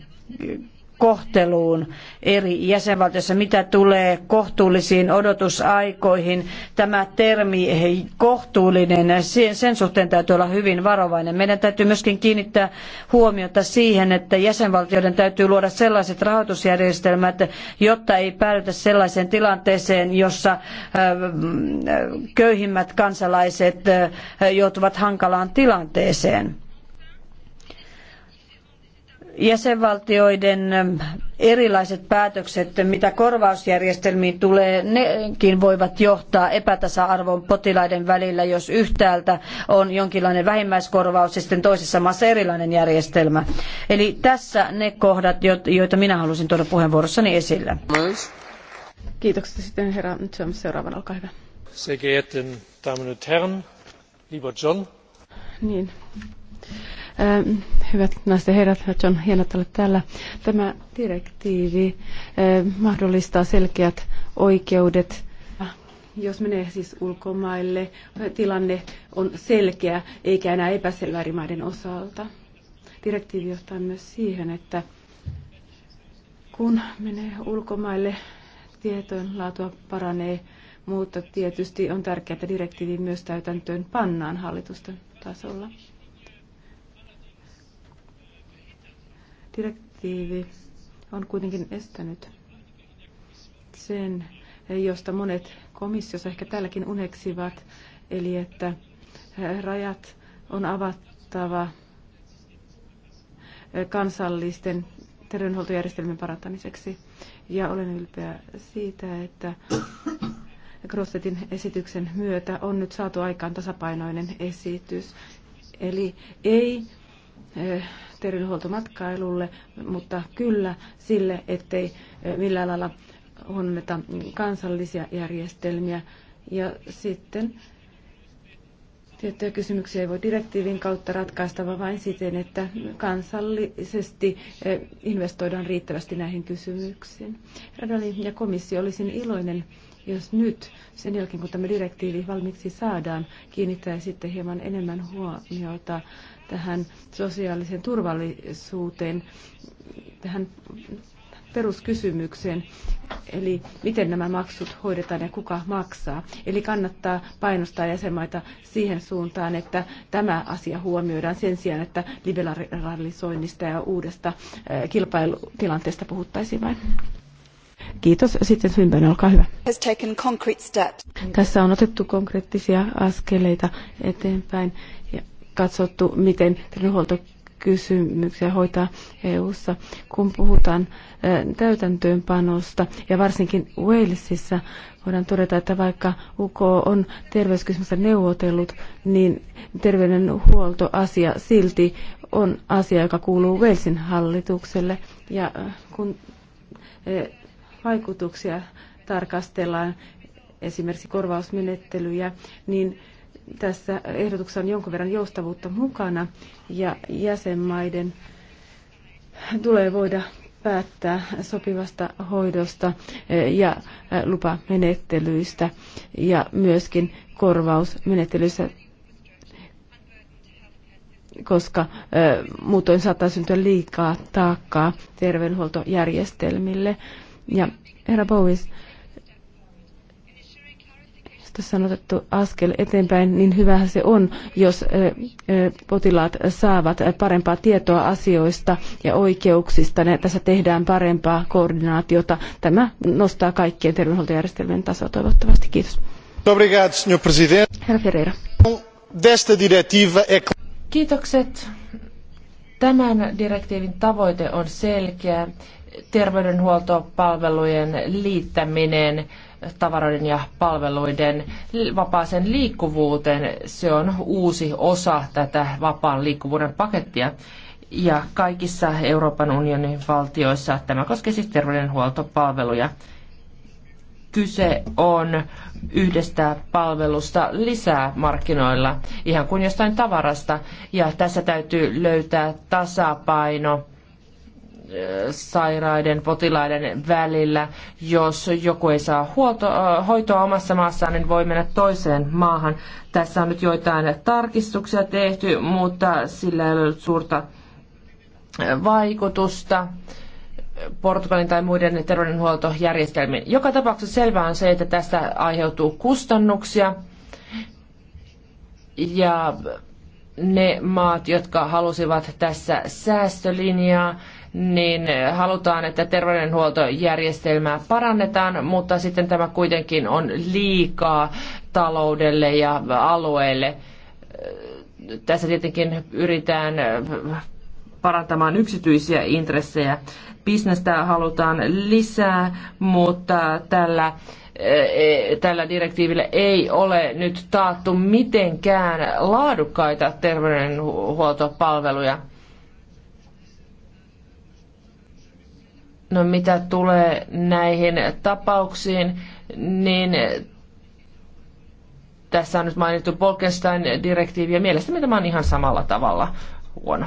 kohteluun eri jäsenvaltioissa, mitä tulee kohtuullisiin odotusaikoihin. Tämä termi kohtuullinen, sen suhteen täytyy olla hyvin varovainen. Meidän täytyy myöskin kiinnittää huomiota siihen, että jäsenvaltioiden täytyy luoda sellaiset rahoitusjärjestelmät, jotta ei päädytä sellaiseen tilanteeseen, jossa äh, äh, köyhimmät kansalaiset äh, joutuvat hankalaan tilanteeseen jäsenvaltioiden ähm, erilaiset päätökset, mitä korvausjärjestelmiin tulee, nekin voivat johtaa epätasa-arvoon potilaiden välillä, jos yhtäältä on jonkinlainen vähimmäiskorvaus ja sitten toisessa maassa erilainen järjestelmä. Eli tässä ne kohdat, joita minä halusin tuoda puheenvuorossani esille. Kiitokset sitten herra Jones. Seuraavan, olkaa hyvä. Sehr geehrten Damen und Herren, lieber John. Niin, Hyvät naiset ja herrat, on hienoa olla täällä. Tämä direktiivi mahdollistaa selkeät oikeudet jos menee siis ulkomaille, tilanne on selkeä eikä enää epäselvä eri maiden osalta. Direktiivi johtaa myös siihen, että kun menee ulkomaille, tietojen laatua paranee, mutta tietysti on tärkeää, että direktiivi myös täytäntöön pannaan hallitusten tasolla. Direktiivi on kuitenkin estänyt sen, josta monet komissiossa ehkä tälläkin uneksivat, eli että eh, rajat on avattava eh, kansallisten terveydenhuoltojärjestelmien parantamiseksi. Ja olen ylpeä siitä, että Grossetin esityksen myötä on nyt saatu aikaan tasapainoinen esitys. Eli ei eh, terveydenhuoltomatkailulle, mutta kyllä sille, ettei eh, millään lailla huononneta kansallisia järjestelmiä. Ja sitten Tiettyjä kysymyksiä ei voi direktiivin kautta ratkaista, vaan vain siten, että kansallisesti eh, investoidaan riittävästi näihin kysymyksiin. Radoni ja komissio olisin iloinen, jos nyt, sen jälkeen kun tämä direktiivi valmiiksi saadaan, kiinnittäisitte hieman enemmän huomiota tähän sosiaaliseen turvallisuuteen, tähän peruskysymykseen, eli miten nämä maksut hoidetaan ja kuka maksaa. Eli kannattaa painostaa jäsenmaita siihen suuntaan, että tämä asia huomioidaan sen sijaan, että liberalisoinnista ja uudesta eh, kilpailutilanteesta puhuttaisiin vain. Kiitos. Sitten Swinburne, olkaa hyvä. Tässä on otettu konkreettisia askeleita eteenpäin ja katsottu, miten terveydenhuolto kysymyksiä hoitaa EU-ssa. Kun puhutaan täytäntöönpanosta ja varsinkin Walesissa voidaan todeta, että vaikka UK on terveyskysymystä neuvotellut, niin terveydenhuoltoasia silti on asia, joka kuuluu Walesin hallitukselle. Ja kun vaikutuksia tarkastellaan, esimerkiksi korvausmenettelyjä, niin tässä ehdotuksessa on jonkun verran joustavuutta mukana ja jäsenmaiden tulee voida päättää sopivasta hoidosta e, ja e, lupamenettelyistä ja myöskin korvausmenettelyissä, koska e, muutoin saattaa syntyä liikaa taakkaa terveydenhuoltojärjestelmille. Ja herra Bowis, tässä on otettu askel eteenpäin, niin hyvähän se on, jos potilaat saavat parempaa tietoa asioista ja oikeuksista. Ne, Tässä tehdään parempaa koordinaatiota. Tämä nostaa kaikkien terveydenhuoltojärjestelmien tasoa toivottavasti. Kiitos. Herra Ferreira. Kiitokset. Tämän direktiivin tavoite on selkeä. Terveydenhuoltopalvelujen liittäminen tavaroiden ja palveluiden vapaaseen liikkuvuuteen. Se on uusi osa tätä vapaan liikkuvuuden pakettia. Ja kaikissa Euroopan unionin valtioissa tämä koskee siis terveydenhuoltopalveluja. Kyse on yhdestä palvelusta lisää markkinoilla, ihan kuin jostain tavarasta. Ja tässä täytyy löytää tasapaino sairaiden potilaiden välillä. Jos joku ei saa huolto, äh, hoitoa omassa maassaan, niin voi mennä toiseen maahan. Tässä on nyt joitain tarkistuksia tehty, mutta sillä ei ole suurta äh, vaikutusta. Portugalin tai muiden terveydenhuoltojärjestelmiin. Joka tapauksessa selvää on se, että tästä aiheutuu kustannuksia ja ne maat, jotka halusivat tässä säästölinjaa, niin halutaan, että terveydenhuoltojärjestelmää parannetaan, mutta sitten tämä kuitenkin on liikaa taloudelle ja alueelle. Tässä tietenkin yritetään parantamaan yksityisiä intressejä. Bisnestä halutaan lisää, mutta tällä tällä direktiivillä ei ole nyt taattu mitenkään laadukkaita terveydenhuoltopalveluja. No mitä tulee näihin tapauksiin, niin tässä on nyt mainittu Bolkestein-direktiivi ja mielestäni tämä on ihan samalla tavalla huono.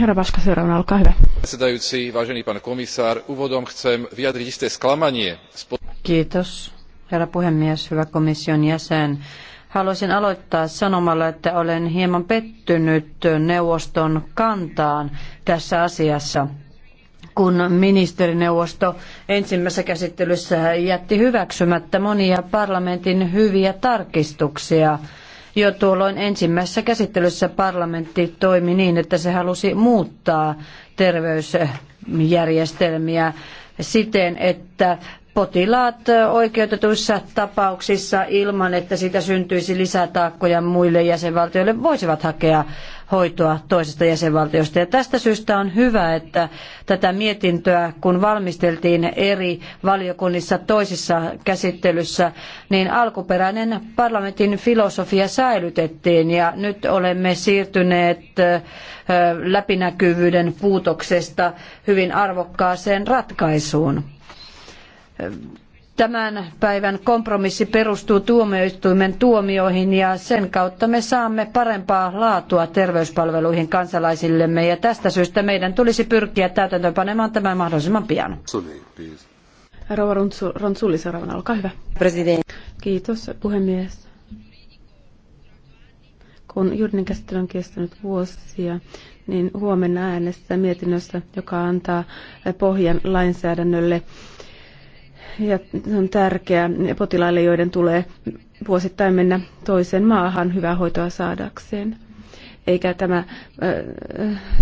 Herra Paska, seuraavana, olkaa hyvä. Sedajúci, vážený pán komisár, úvodom chcem vyjadriť isté sklamanie. Kiitos, herra puhemies, hyvä komission jäsen. Haluaisin aloittaa sanomalla, että olen hieman pettynyt neuvoston kantaan tässä asiassa kun ministerineuvosto ensimmäisessä käsittelyssä jätti hyväksymättä monia parlamentin hyviä tarkistuksia. Jo tuolloin ensimmäisessä käsittelyssä parlamentti toimi niin, että se halusi muuttaa terveysjärjestelmiä siten, että potilaat oikeutetuissa tapauksissa ilman, että siitä syntyisi lisätaakkoja muille jäsenvaltioille voisivat hakea hoitoa toisesta jäsenvaltiosta. Ja tästä syystä on hyvä, että tätä mietintöä, kun valmisteltiin eri valiokunnissa toisissa käsittelyssä, niin alkuperäinen parlamentin filosofia säilytettiin ja nyt olemme siirtyneet läpinäkyvyyden puutoksesta hyvin arvokkaaseen ratkaisuun Tämän päivän kompromissi perustuu tuomioistuimen tuomioihin ja sen kautta me saamme parempaa laatua terveyspalveluihin kansalaisillemme ja tästä syystä meidän tulisi pyrkiä täytäntöönpanemaan tämän mahdollisimman pian. Rouva Ronsuli, seuraavana, olkaa hyvä. President. Kiitos, puhemies. Kun juridinen käsittely on kestänyt vuosia, niin huomenna äänestä mietinnöstä, joka antaa pohjan lainsäädännölle ja se on tärkeää potilaille, joiden tulee vuosittain mennä toiseen maahan hyvää hoitoa saadakseen. Eikä tämä äh,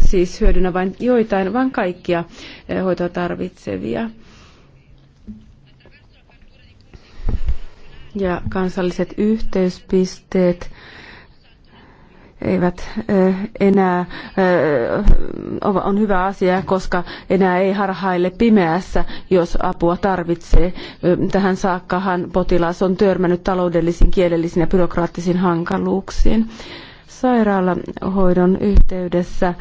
siis hyödynä vain joitain, vaan kaikkia äh, hoitoa tarvitsevia. Ja kansalliset yhteyspisteet eivät enää on hyvä asia, koska enää ei harhaile pimeässä, jos apua tarvitsee. Tähän saakkahan potilas on törmännyt taloudellisiin, kielellisiin ja byrokraattisiin hankaluuksiin. Sairaalahoidon yhteydessä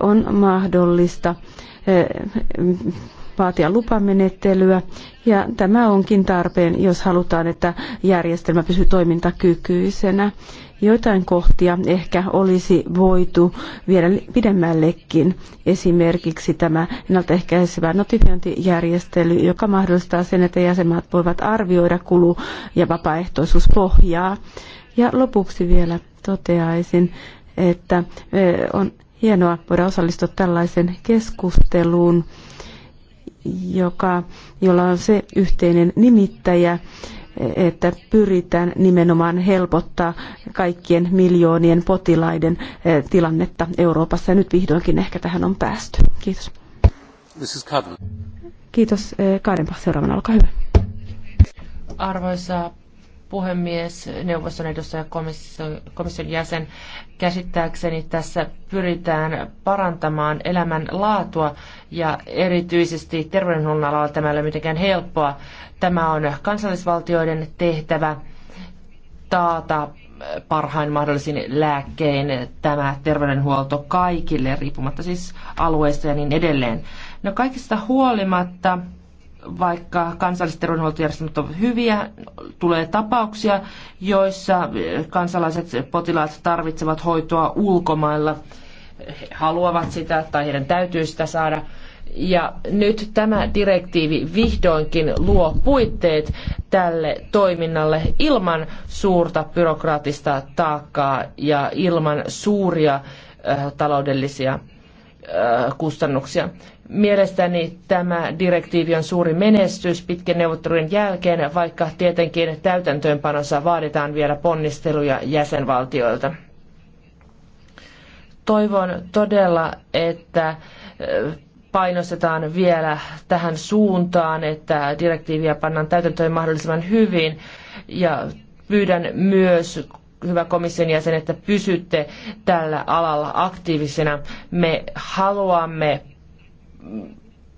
on mahdollista vaatia lupamenettelyä ja tämä onkin tarpeen, jos halutaan, että järjestelmä pysyy toimintakykyisenä. Joitain kohtia ehkä olisi voitu viedä pidemmällekin, esimerkiksi tämä ennaltaehkäisevä notifiointijärjestely, joka mahdollistaa sen, että jäsenmaat voivat arvioida kulu- ja vapaaehtoisuuspohjaa. Ja lopuksi vielä toteaisin, että on hienoa voida osallistua tällaiseen keskusteluun, joka, jolla on se yhteinen nimittäjä, että pyritään nimenomaan helpottaa kaikkien miljoonien potilaiden eh, tilannetta Euroopassa. Ja nyt vihdoinkin ehkä tähän on päästy. Kiitos. Kiitos. Eh, Kadenpa seuraavana, olkaa hyvä. Arvoisa puhemies, neuvoston edustaja komissio, komission jäsen. Käsittääkseni tässä pyritään parantamaan elämän laatua ja erityisesti terveydenhuollon alalla tämä ei ole mitenkään helppoa. Tämä on kansallisvaltioiden tehtävä taata parhain mahdollisin lääkkein tämä terveydenhuolto kaikille, riippumatta siis alueesta ja niin edelleen. No kaikista huolimatta vaikka kansalliset terveydenhuoltojärjestelmät ovat hyviä, tulee tapauksia, joissa eh, kansalaiset potilaat tarvitsevat hoitoa ulkomailla. He haluavat sitä tai heidän täytyy sitä saada. Ja nyt tämä direktiivi vihdoinkin luo puitteet tälle toiminnalle ilman suurta byrokraattista taakkaa ja ilman suuria äh, taloudellisia äh, kustannuksia. Mielestäni tämä direktiivi on suuri menestys pitkän neuvottelujen jälkeen, vaikka tietenkin täytäntöönpanossa vaaditaan vielä ponnisteluja jäsenvaltioilta. Toivon todella, että painostetaan vielä tähän suuntaan, että direktiiviä pannaan täytäntöön mahdollisimman hyvin ja pyydän myös hyvä komission jäsen, että pysytte tällä alalla aktiivisena. Me haluamme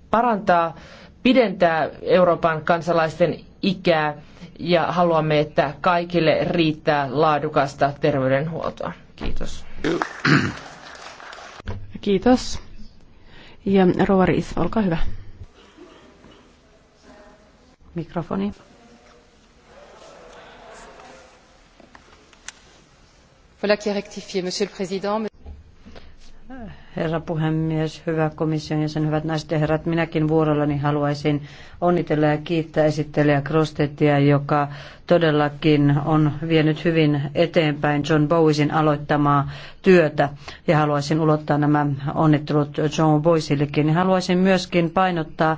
parantaa, pidentää Euroopan kansalaisten ikää ja haluamme, että kaikille riittää laadukasta terveydenhuoltoa. Kiitos. Kiitos. Ja Rova Riis, olkaa hyvä. Mikrofoni. Voilà qui est rectifié, Monsieur le Président. Äh, herra puhemies, hyvä komission jäsen, hyvät naiset ja herrat. Minäkin vuorollani haluaisin onnitella ja kiittää esittelijä Krostettia, joka todellakin on vienyt hyvin eteenpäin John Bowisin aloittamaa työtä. Ja haluaisin ulottaa nämä onnittelut John Bowisillekin. Haluaisin myöskin painottaa äh,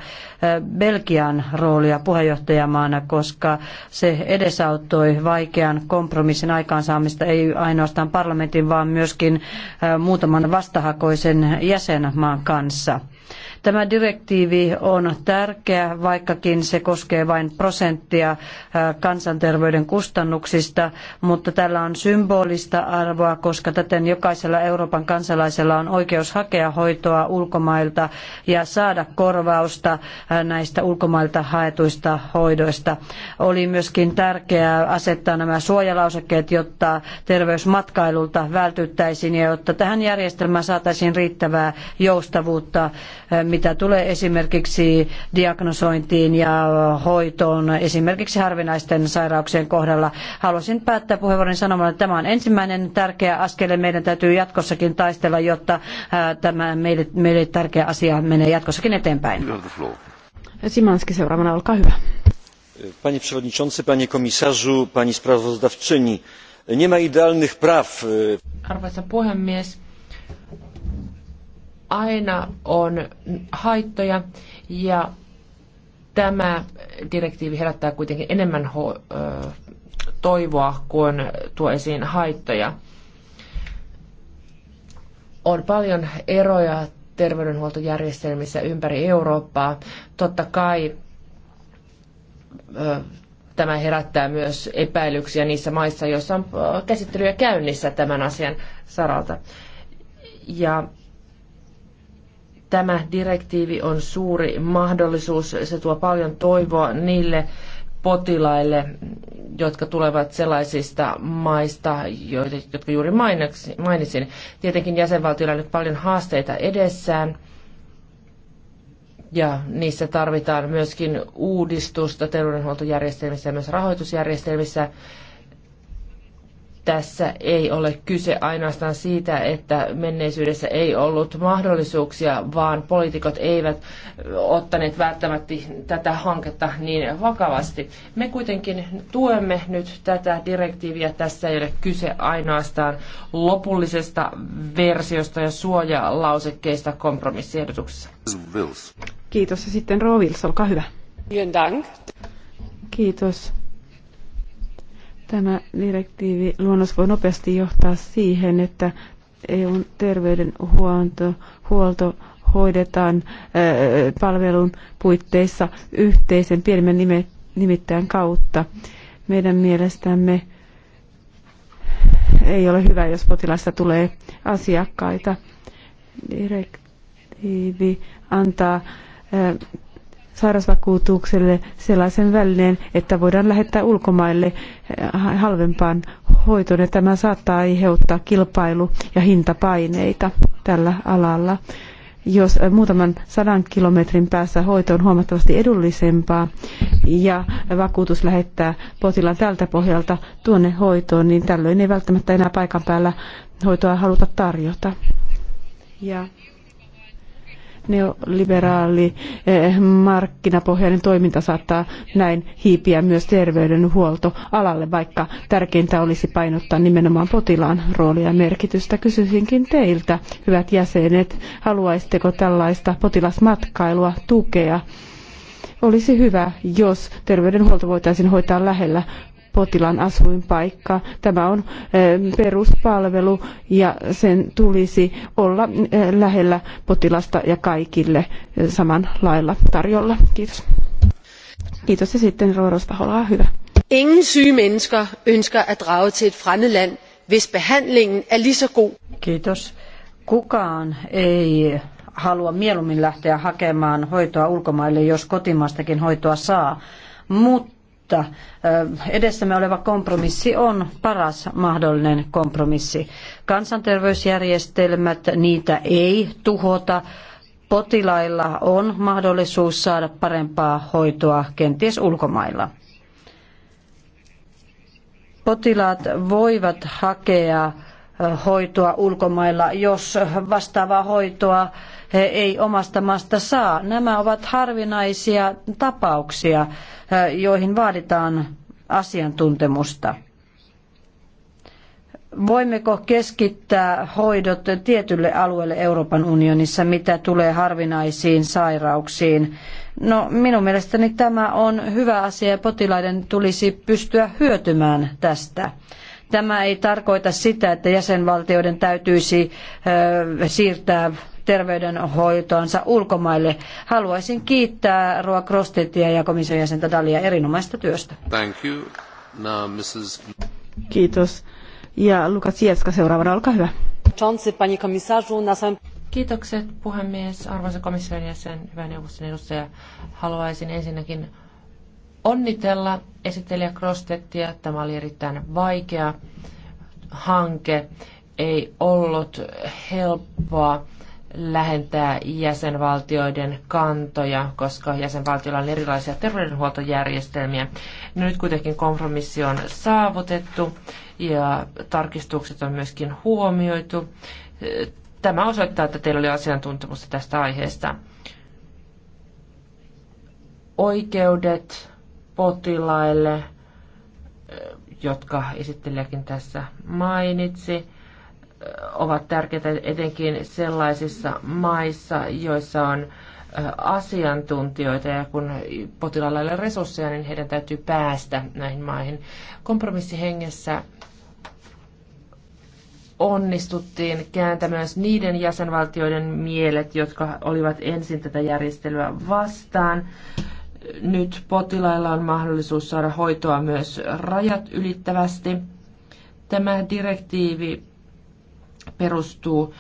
Belgian roolia puheenjohtajamaana, koska se edesauttoi vaikean kompromissin aikaansaamista ei ainoastaan parlamentin, vaan myöskin äh, muutaman vastahakoisen jäsenmaan kanssa. Tämä direktiivi on tärkeä, vaikkakin se koskee vain prosenttia äh, kansanterveyden kustannuksista, mutta tällä on symbolista arvoa, koska täten jokaisella Euroopan kansalaisella on oikeus hakea hoitoa ulkomailta ja saada korvausta äh, näistä ulkomailta haetuista hoidoista. Oli myöskin tärkeää asettaa nämä suojalausekkeet, jotta terveysmatkailulta vältyttäisiin ja jotta tähän järjestelmään saataisiin riittävää joustavuutta äh, mitä tulee esimerkiksi diagnosointiin ja hoitoon, esimerkiksi harvinaisten sairauksien kohdalla. Haluaisin päättää puheenvuoron sanomalla, että tämä on ensimmäinen tärkeä askel. Meidän täytyy jatkossakin taistella, jotta tämä meille, meille tärkeä asia menee jatkossakin eteenpäin. Simanski seuraavana, olkaa hyvä. Panie przewodniczący, panie komisarzu, pani sprawozdawczyni. Nie ma idealnych praw. Arvoisa puhemies, aina on haittoja ja tämä direktiivi herättää kuitenkin enemmän toivoa kuin tuo esiin haittoja. On paljon eroja terveydenhuoltojärjestelmissä ympäri Eurooppaa. Totta kai tämä herättää myös epäilyksiä niissä maissa, joissa on käsittelyjä käynnissä tämän asian saralta. Ja Tämä direktiivi on suuri mahdollisuus. Se tuo paljon toivoa niille potilaille, jotka tulevat sellaisista maista, joita, jotka juuri mainitsin. Tietenkin jäsenvaltioilla on nyt paljon haasteita edessään ja niissä tarvitaan myöskin uudistusta terveydenhuoltojärjestelmissä ja myös rahoitusjärjestelmissä tässä ei ole kyse ainoastaan siitä, että menneisyydessä ei ollut mahdollisuuksia, vaan poliitikot eivät ottaneet välttämättä tätä hanketta niin vakavasti. Me kuitenkin tuemme nyt tätä direktiiviä. Tässä ei ole kyse ainoastaan lopullisesta versiosta ja suojalausekkeista kompromissiehdotuksessa. Kiitos ja sitten Rovils, olkaa hyvä. Kiitos. Tämä direktiivi luonnos voi nopeasti johtaa siihen, että EUn terveydenhuolto huolto hoidetaan palvelun puitteissa yhteisen pienimmän nime, nimittäin kautta. Meidän mielestämme ei ole hyvä, jos potilaista tulee asiakkaita. Direktiivi antaa sairausvakuutukselle sellaisen välineen, että voidaan lähettää ulkomaille eh, halvempaan hoitoon. Ja tämä saattaa aiheuttaa kilpailu- ja hintapaineita tällä alalla. Jos eh, muutaman sadan kilometrin päässä hoito on huomattavasti edullisempaa ja vakuutus lähettää potilaan tältä pohjalta tuonne hoitoon, niin tällöin ei välttämättä enää paikan päällä hoitoa haluta tarjota. Ja neoliberaali eh, markkinapohjainen toiminta saattaa näin hiipiä myös terveydenhuoltoalalle, vaikka tärkeintä olisi painottaa nimenomaan potilaan roolia ja merkitystä. Kysyisinkin teiltä, hyvät jäsenet, haluaisitteko tällaista potilasmatkailua tukea? Olisi hyvä, jos terveydenhuolto voitaisiin hoitaa lähellä potilaan asuinpaikka. Tämä on eh, peruspalvelu ja sen tulisi olla eh, lähellä potilasta ja kaikille eh, saman lailla tarjolla. Kiitos. Kiitos ja sitten Roorosta Holaa, hyvä. Ingen syge mennesker ønsker at drage til et fremmed land, hvis behandlingen er lige så god. Kiitos. Kukaan ei halua mieluummin lähteä hakemaan hoitoa ulkomaille, jos kotimaastakin hoitoa saa. Mutta mutta edessämme oleva kompromissi on paras mahdollinen kompromissi. Kansanterveysjärjestelmät, niitä ei tuhota. Potilailla on mahdollisuus saada parempaa hoitoa kenties ulkomailla. Potilaat voivat hakea hoitoa ulkomailla, jos vastaavaa hoitoa ei omasta maasta saa. Nämä ovat harvinaisia tapauksia, joihin vaaditaan asiantuntemusta. Voimmeko keskittää hoidot tietylle alueelle Euroopan unionissa, mitä tulee harvinaisiin sairauksiin? No, minun mielestäni tämä on hyvä asia ja potilaiden tulisi pystyä hyötymään tästä. Tämä ei tarkoita sitä, että jäsenvaltioiden täytyisi siirtää terveydenhoitoansa ulkomaille. Haluaisin kiittää Roa Krostetia ja komission jäsentä Dalia erinomaista työstä. Thank you. Now, Mrs. Kiitos. Ja Lukas Jevska seuraavana, olkaa hyvä. Kiitokset puhemies, arvoisa komission jäsen, hyvä neuvoston edustaja. Haluaisin ensinnäkin onnitella esittelijä Krostettia. Tämä oli erittäin vaikea hanke. Ei ollut helppoa lähentää jäsenvaltioiden kantoja, koska jäsenvaltioilla on erilaisia terveydenhuoltojärjestelmiä. nyt kuitenkin kompromissi on saavutettu ja tarkistukset on myöskin huomioitu. Tämä osoittaa, että teillä oli asiantuntemusta tästä aiheesta. Oikeudet potilaille, jotka esittelijäkin tässä mainitsi, ovat tärkeitä etenkin sellaisissa maissa, joissa on asiantuntijoita ja kun potilailla ei ole resursseja, niin heidän täytyy päästä näihin maihin. Kompromissihengessä onnistuttiin kääntämään myös niiden jäsenvaltioiden mielet, jotka olivat ensin tätä järjestelyä vastaan nyt potilailla on mahdollisuus saada hoitoa myös rajat ylittävästi. Tämä direktiivi perustuu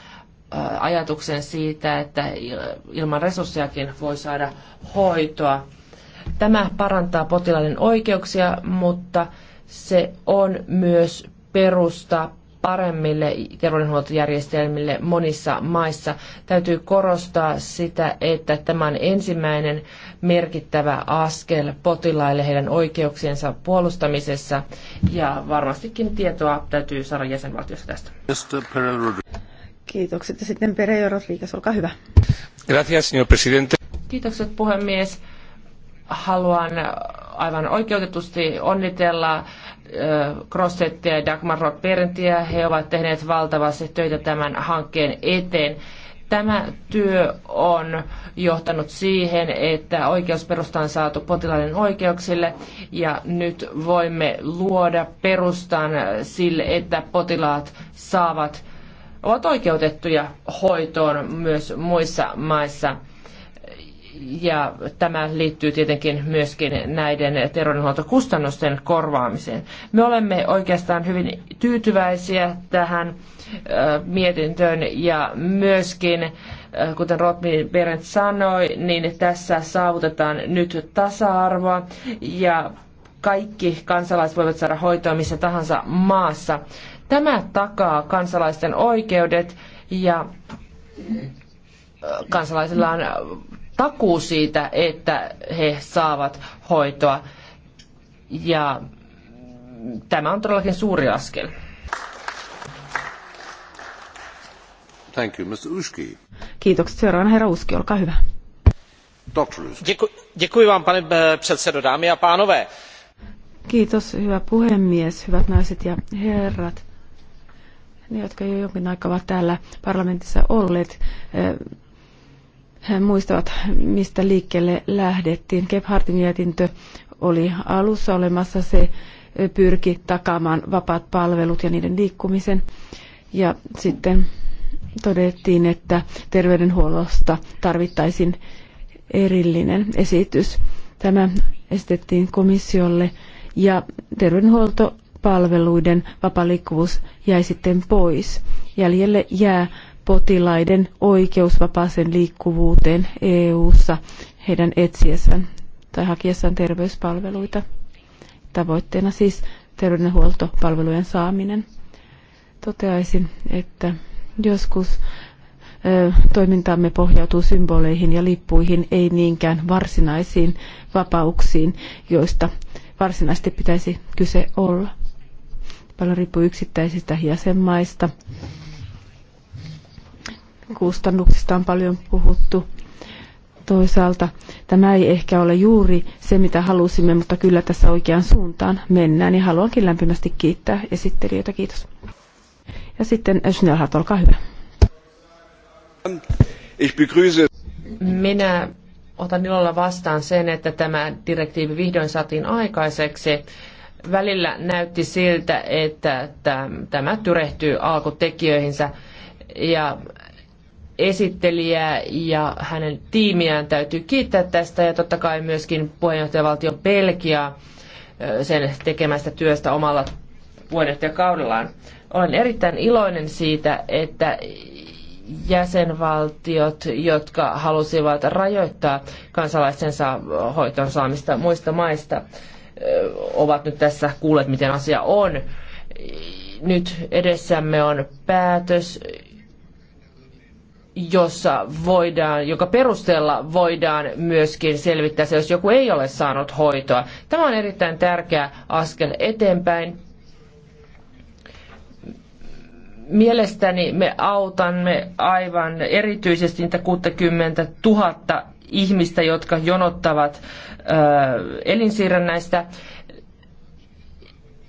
ajatuksen siitä, että ilman resurssejakin voi saada hoitoa. Tämä parantaa potilaiden oikeuksia, mutta se on myös perusta paremmille terveydenhuoltojärjestelmille monissa maissa. Täytyy korostaa sitä, että tämä on ensimmäinen merkittävä askel potilaille heidän oikeuksiensa puolustamisessa ja varmastikin tietoa täytyy saada jäsenvaltiosta tästä. Kiitokset ja sitten Pereiro Rodriguez, olkaa hyvä. Gracias, señor presidente. Kiitokset puhemies. Haluan aivan oikeutetusti onnitella Crossettia ja Dagmar Roth He ovat tehneet valtavasti töitä tämän hankkeen eteen. Tämä työ on johtanut siihen, että oikeusperusta on saatu potilaiden oikeuksille ja nyt voimme luoda perustan sille, että potilaat saavat, ovat oikeutettuja hoitoon myös muissa maissa ja tämä liittyy tietenkin myöskin näiden terveydenhuoltokustannusten korvaamiseen. Me olemme oikeastaan hyvin tyytyväisiä tähän mietintöön ja myöskin, kuten Rotmin Berent sanoi, niin tässä saavutetaan nyt tasa-arvoa ja kaikki kansalaiset voivat saada hoitoa missä tahansa maassa. Tämä takaa kansalaisten oikeudet ja kansalaisilla on takuu siitä, että he saavat hoitoa. Ja tämä on todellakin suuri askel. Thank you, Mr. Uski. Kiitokset. Seuraavana herra Uski, olkaa hyvä. Děkuji vám, pane eh, předsedo, dámy a pánové. Kiitos, hyvä puhemies, hyvät naiset ja herrat. Ne, jotka jo jonkin aikaa ovat täällä parlamentissa olleet, eh, muistavat, mistä liikkeelle lähdettiin. Gebhardin mietintö oli alussa olemassa. Se pyrki takaamaan vapaat palvelut ja niiden liikkumisen. Ja sitten todettiin, että terveydenhuollosta tarvittaisiin erillinen esitys. Tämä estettiin komissiolle ja terveydenhuoltopalveluiden vapaa liikkuvuus jäi sitten pois. Jäljelle jää potilaiden oikeus vapaaseen liikkuvuuteen EU-ssa heidän etsiessään tai hakiessaan terveyspalveluita. Tavoitteena siis terveydenhuoltopalvelujen saaminen. Toteaisin, että joskus toimintamme pohjautuu symboleihin ja lippuihin, ei niinkään varsinaisiin vapauksiin, joista varsinaisesti pitäisi kyse olla. Paljon riippuu yksittäisistä jäsenmaista kustannuksista on paljon puhuttu. Toisaalta tämä ei ehkä ole juuri se, mitä halusimme, mutta kyllä tässä oikeaan suuntaan mennään. Ja haluankin lämpimästi kiittää esittelijöitä. Kiitos. Ja sitten Schnellhardt, olkaa hyvä. Minä otan ilolla vastaan sen, että tämä direktiivi vihdoin saatiin aikaiseksi. Välillä näytti siltä, että tämä tyrehtyy alkutekijöihinsä ja esittelijää ja hänen tiimiään täytyy kiittää tästä ja totta kai myöskin puheenjohtajavaltio Belgiaa sen tekemästä työstä omalla puheenjohtajakaudellaan. Olen erittäin iloinen siitä, että jäsenvaltiot, jotka halusivat rajoittaa kansalaistensa hoiton saamista muista maista, ovat nyt tässä kuulleet, miten asia on. Nyt edessämme on päätös, jossa voidaan, joka perusteella voidaan myöskin selvittää se, jos joku ei ole saanut hoitoa. Tämä on erittäin tärkeä askel eteenpäin. Mielestäni me autamme aivan erityisesti niitä 60 000 ihmistä, jotka jonottavat elinsiirrännäistä.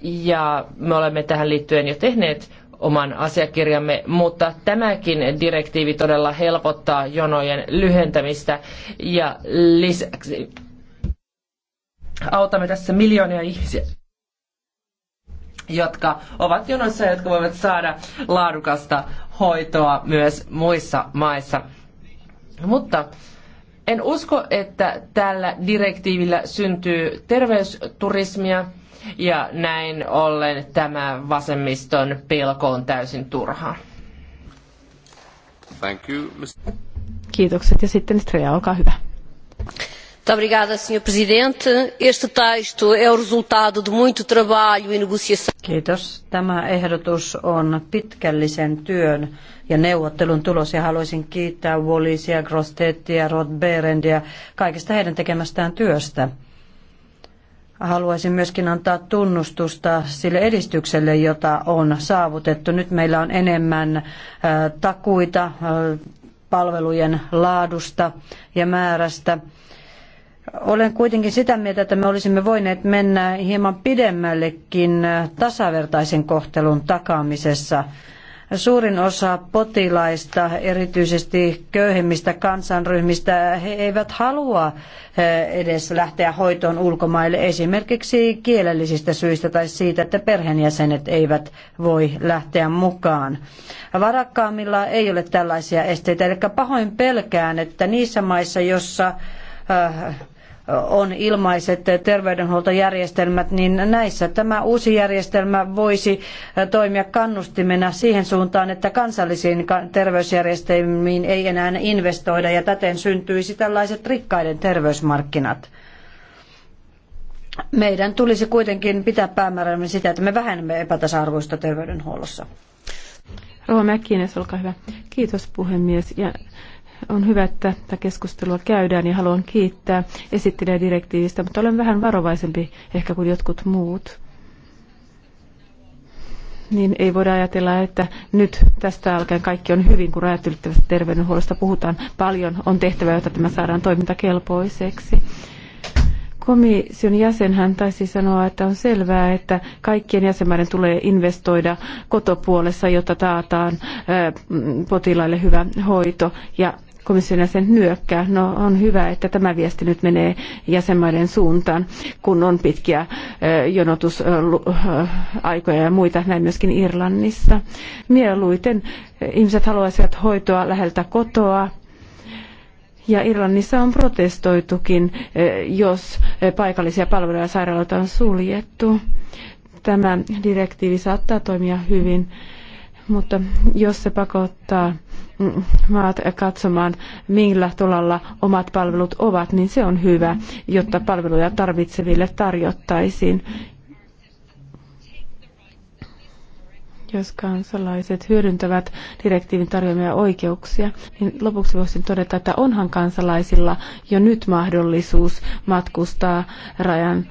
Ja me olemme tähän liittyen jo tehneet oman asiakirjamme, mutta tämäkin direktiivi todella helpottaa jonojen lyhentämistä ja lisäksi autamme tässä miljoonia ihmisiä jotka ovat jonossa ja jotka voivat saada laadukasta hoitoa myös muissa maissa. Mutta en usko, että tällä direktiivillä syntyy terveysturismia – ja näin ollen tämä vasemmiston pelko on täysin turha. Thank you, Mr. Kiitokset ja sitten Estrella, olkaa hyvä. Obrigada, Sr. Presidente. Este texto é o resultado de muito trabalho e negociação. Kiitos. Tämä ehdotus on pitkällisen työn ja neuvottelun tulos ja haluaisin kiittää Wallisia, Grostettia, Berendia kaikesta heidän tekemästään työstä haluaisin myöskin antaa tunnustusta sille edistykselle, jota on saavutettu. Nyt meillä on enemmän takuita palvelujen laadusta ja määrästä. Olen kuitenkin sitä mieltä, että me olisimme voineet mennä hieman pidemmällekin tasavertaisen kohtelun takaamisessa Suurin osa potilaista, erityisesti köyhemmistä kansanryhmistä, he eivät halua eh, edes lähteä hoitoon ulkomaille esimerkiksi kielellisistä syistä tai siitä, että perheenjäsenet eivät voi lähteä mukaan. Varakkaammilla ei ole tällaisia esteitä, eli pahoin pelkään, että niissä maissa, joissa eh, on ilmaiset terveydenhuoltojärjestelmät, niin näissä tämä uusi järjestelmä voisi toimia kannustimena siihen suuntaan, että kansallisiin terveysjärjestelmiin ei enää investoida ja täten syntyisi tällaiset rikkaiden terveysmarkkinat. Meidän tulisi kuitenkin pitää päämäärämme sitä, että me vähennämme epätasa-arvoista terveydenhuollossa. Rova Mäkkinen, olkaa hyvä. Kiitos puhemies. Ja on hyvä, että tätä keskustelua käydään ja haluan kiittää esittelijä direktiivistä, mutta olen vähän varovaisempi ehkä kuin jotkut muut. Niin ei voida ajatella, että nyt tästä alkaen kaikki on hyvin, kun rajat ylittävästä terveydenhuollosta puhutaan. Paljon on tehtävä jotta tämä saadaan toimintakelpoiseksi komission jäsenhän taisi sanoa, että on selvää, että kaikkien jäsenmaiden tulee investoida kotopuolessa, jotta taataan potilaille hyvä hoito. Ja komission jäsen nyökkää. No on hyvä, että tämä viesti nyt menee jäsenmaiden suuntaan, kun on pitkiä jonotusaikoja ja muita, näin myöskin Irlannissa. Mieluiten ihmiset haluaisivat hoitoa läheltä kotoa, ja Irlannissa on protestoitukin, jos paikallisia palveluja ja sairaaloita on suljettu. Tämä direktiivi saattaa toimia hyvin mutta jos se pakottaa mm, maat katsomaan, millä tolalla omat palvelut ovat, niin se on hyvä, jotta palveluja tarvitseville tarjottaisiin jos kansalaiset hyödyntävät direktiivin tarjoamia oikeuksia, niin lopuksi voisin todeta, että onhan kansalaisilla jo nyt mahdollisuus matkustaa rajan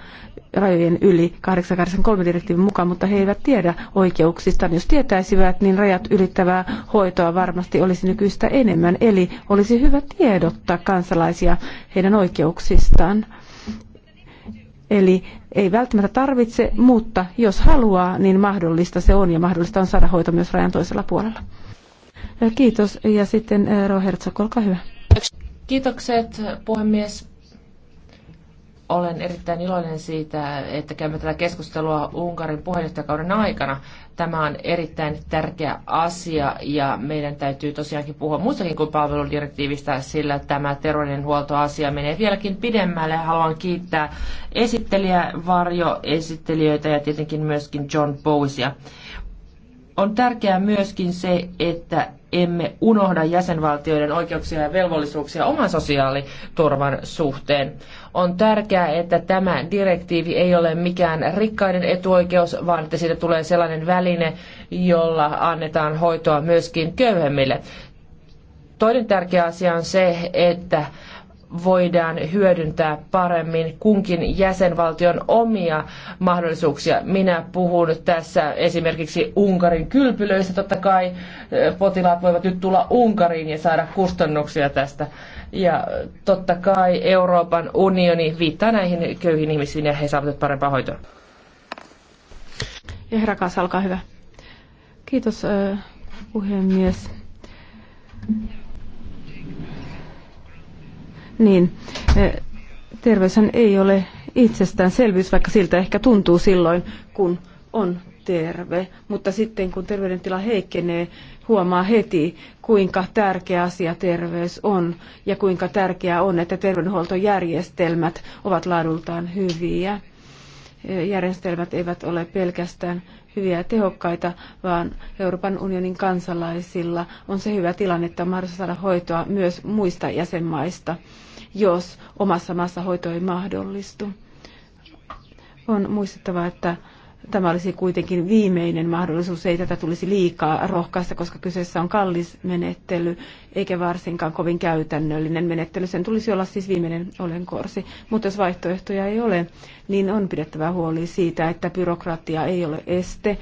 rajojen yli 883 direktiivin mukaan, mutta he eivät tiedä oikeuksistaan. Jos tietäisivät, niin rajat ylittävää hoitoa varmasti olisi nykyistä enemmän, eli olisi hyvä tiedottaa kansalaisia heidän oikeuksistaan. Eli ei välttämättä tarvitse, mutta jos haluaa, niin mahdollista se on ja mahdollista on saada hoito myös rajan toisella puolella. Kiitos ja sitten eh, Rohertsok, olkaa hyvä. Kiitokset puhemies. Olen erittäin iloinen siitä, että käymme tätä keskustelua Unkarin puheenjohtajakauden aikana. Tämä on erittäin tärkeä asia ja meidän täytyy tosiaankin puhua muustakin kuin palveludirektiivistä, sillä tämä terveydenhuoltoasia menee vieläkin pidemmälle. Haluan kiittää esittelijä, esittelijöitä ja tietenkin myöskin John Bowisia. On tärkeää myöskin se, että emme unohda jäsenvaltioiden oikeuksia ja velvollisuuksia oman sosiaaliturvan suhteen. On tärkeää, että tämä direktiivi ei ole mikään rikkaiden etuoikeus, vaan että siitä tulee sellainen väline, jolla annetaan hoitoa myöskin köyhemmille. Toinen tärkeä asia on se, että voidaan hyödyntää paremmin kunkin jäsenvaltion omia mahdollisuuksia. Minä puhun tässä esimerkiksi Unkarin kylpylöistä. Totta kai eh, potilaat voivat nyt tulla Unkariin ja saada kustannuksia tästä. Ja totta kai Euroopan unioni viittaa näihin köyhiin ihmisiin ja he saavat parempaa hoitoa. Ja herra Kaas, olkaa hyvä. Kiitos puhemies. Niin, terveyshän ei ole itsestäänselvyys, vaikka siltä ehkä tuntuu silloin, kun on terve, mutta sitten kun terveydentila heikkenee, huomaa heti, kuinka tärkeä asia terveys on ja kuinka tärkeää on, että terveydenhuoltojärjestelmät ovat laadultaan hyviä. Järjestelmät eivät ole pelkästään hyviä ja tehokkaita, vaan Euroopan unionin kansalaisilla on se hyvä tilanne, että on mahdollista saada hoitoa myös muista jäsenmaista, jos omassa maassa hoito ei mahdollistu. On muistettava, että tämä olisi kuitenkin viimeinen mahdollisuus, ei tätä tulisi liikaa rohkaista, koska kyseessä on kallis menettely, eikä varsinkaan kovin käytännöllinen menettely. Sen tulisi olla siis viimeinen olenkorsi, mutta jos vaihtoehtoja ei ole, niin on pidettävä huoli siitä, että byrokratia ei ole este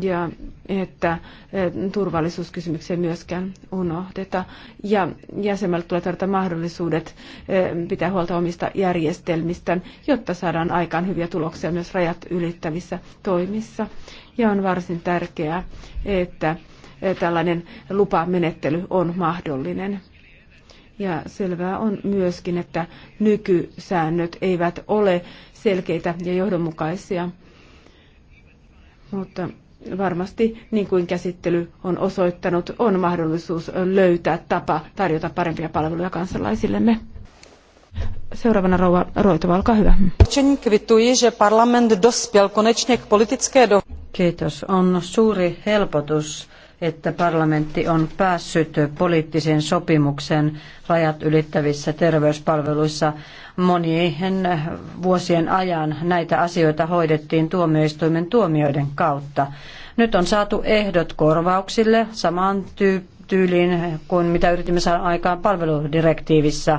ja että e, turvallisuuskysymyksiä myöskään unohdeta. Ja jäsenmaille tulee tarjota mahdollisuudet e, pitää huolta omista järjestelmistä, jotta saadaan aikaan hyviä tuloksia myös rajat ylittävissä toimissa. Ja on varsin tärkeää, että e, tällainen lupamenettely on mahdollinen. Ja selvää on myöskin, että nykysäännöt eivät ole selkeitä ja johdonmukaisia. Mutta varmasti, niin kuin käsittely on osoittanut, on mahdollisuus löytää tapa tarjota parempia palveluja kansalaisillemme. Seuraavana rouva Roitova, olkaa hyvä. Kiitos. On suuri helpotus että parlamentti on päässyt poliittiseen sopimukseen rajat ylittävissä terveyspalveluissa. Monien vuosien ajan näitä asioita hoidettiin tuomioistuimen tuomioiden kautta. Nyt on saatu ehdot korvauksille samantyyppisille tyyliin kuin mitä yritimme saada aikaan palveludirektiivissä.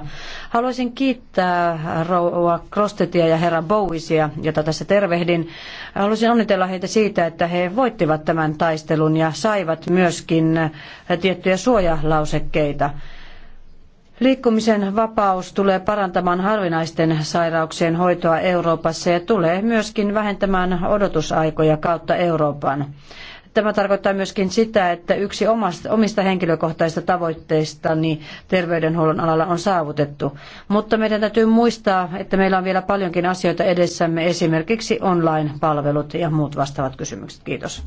Haluaisin kiittää rouva Krostetia ja herra Bowisia, jota tässä tervehdin. Haluaisin onnitella heitä siitä, että he voittivat tämän taistelun ja saivat myöskin tiettyjä suojalausekkeita. Liikkumisen vapaus tulee parantamaan harvinaisten sairauksien hoitoa Euroopassa ja tulee myöskin vähentämään odotusaikoja kautta Euroopan. Tämä tarkoittaa myöskin sitä, että yksi omista henkilökohtaisista tavoitteista niin terveydenhuollon alalla on saavutettu. Mutta meidän täytyy muistaa, että meillä on vielä paljonkin asioita edessämme, esimerkiksi online-palvelut ja muut vastaavat kysymykset. Kiitos.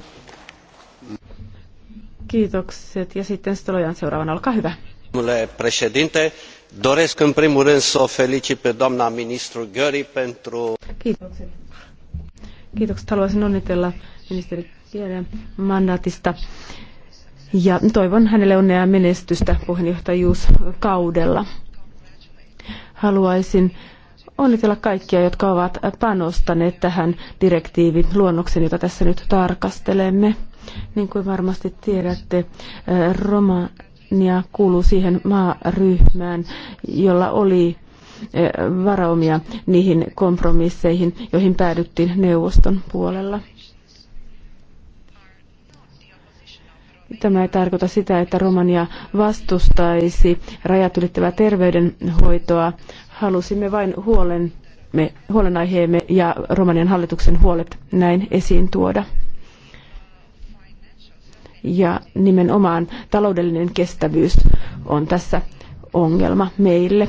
Kiitokset. Ja sitten Stolojan seuraavana, olkaa hyvä. președinte, doresc în primul rând să o felicit pe doamna ministru Göri pentru... Kiitokset. Kiitokset. Haluaisin onnitella ministeri Kielen mandaatista. Ja toivon hänelle onnea ja menestystä puheenjohtajuuskaudella. Haluaisin onnitella kaikkia, jotka ovat panostaneet tähän direktiivin luonnoksen, jota tässä nyt tarkastelemme. Niin kuin varmasti tiedätte, Romania kuuluu siihen maaryhmään, jolla oli e, varaumia niihin kompromisseihin, joihin päädyttiin neuvoston puolella. Tämä ei tarkoita sitä, että Romania vastustaisi rajat ylittävää terveydenhoitoa. Halusimme vain huolen, me, huolenaiheemme ja Romanian hallituksen huolet näin esiin tuoda. Ja nimenomaan taloudellinen kestävyys on tässä ongelma meille.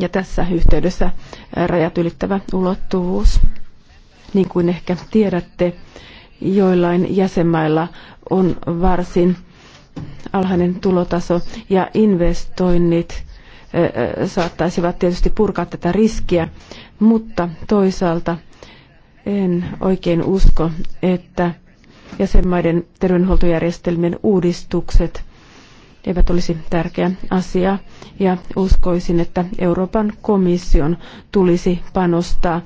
Ja tässä yhteydessä rajat ylittävä ulottuvuus. Niin kuin ehkä tiedätte, joillain jäsenmailla on varsin alhainen tulotaso ja investoinnit saattaisivat tietysti purkaa tätä riskiä, mutta toisaalta en oikein usko, että jäsenmaiden terveydenhuoltojärjestelmien uudistukset eivät olisi tärkeä asia ja uskoisin, että Euroopan komission tulisi panostaa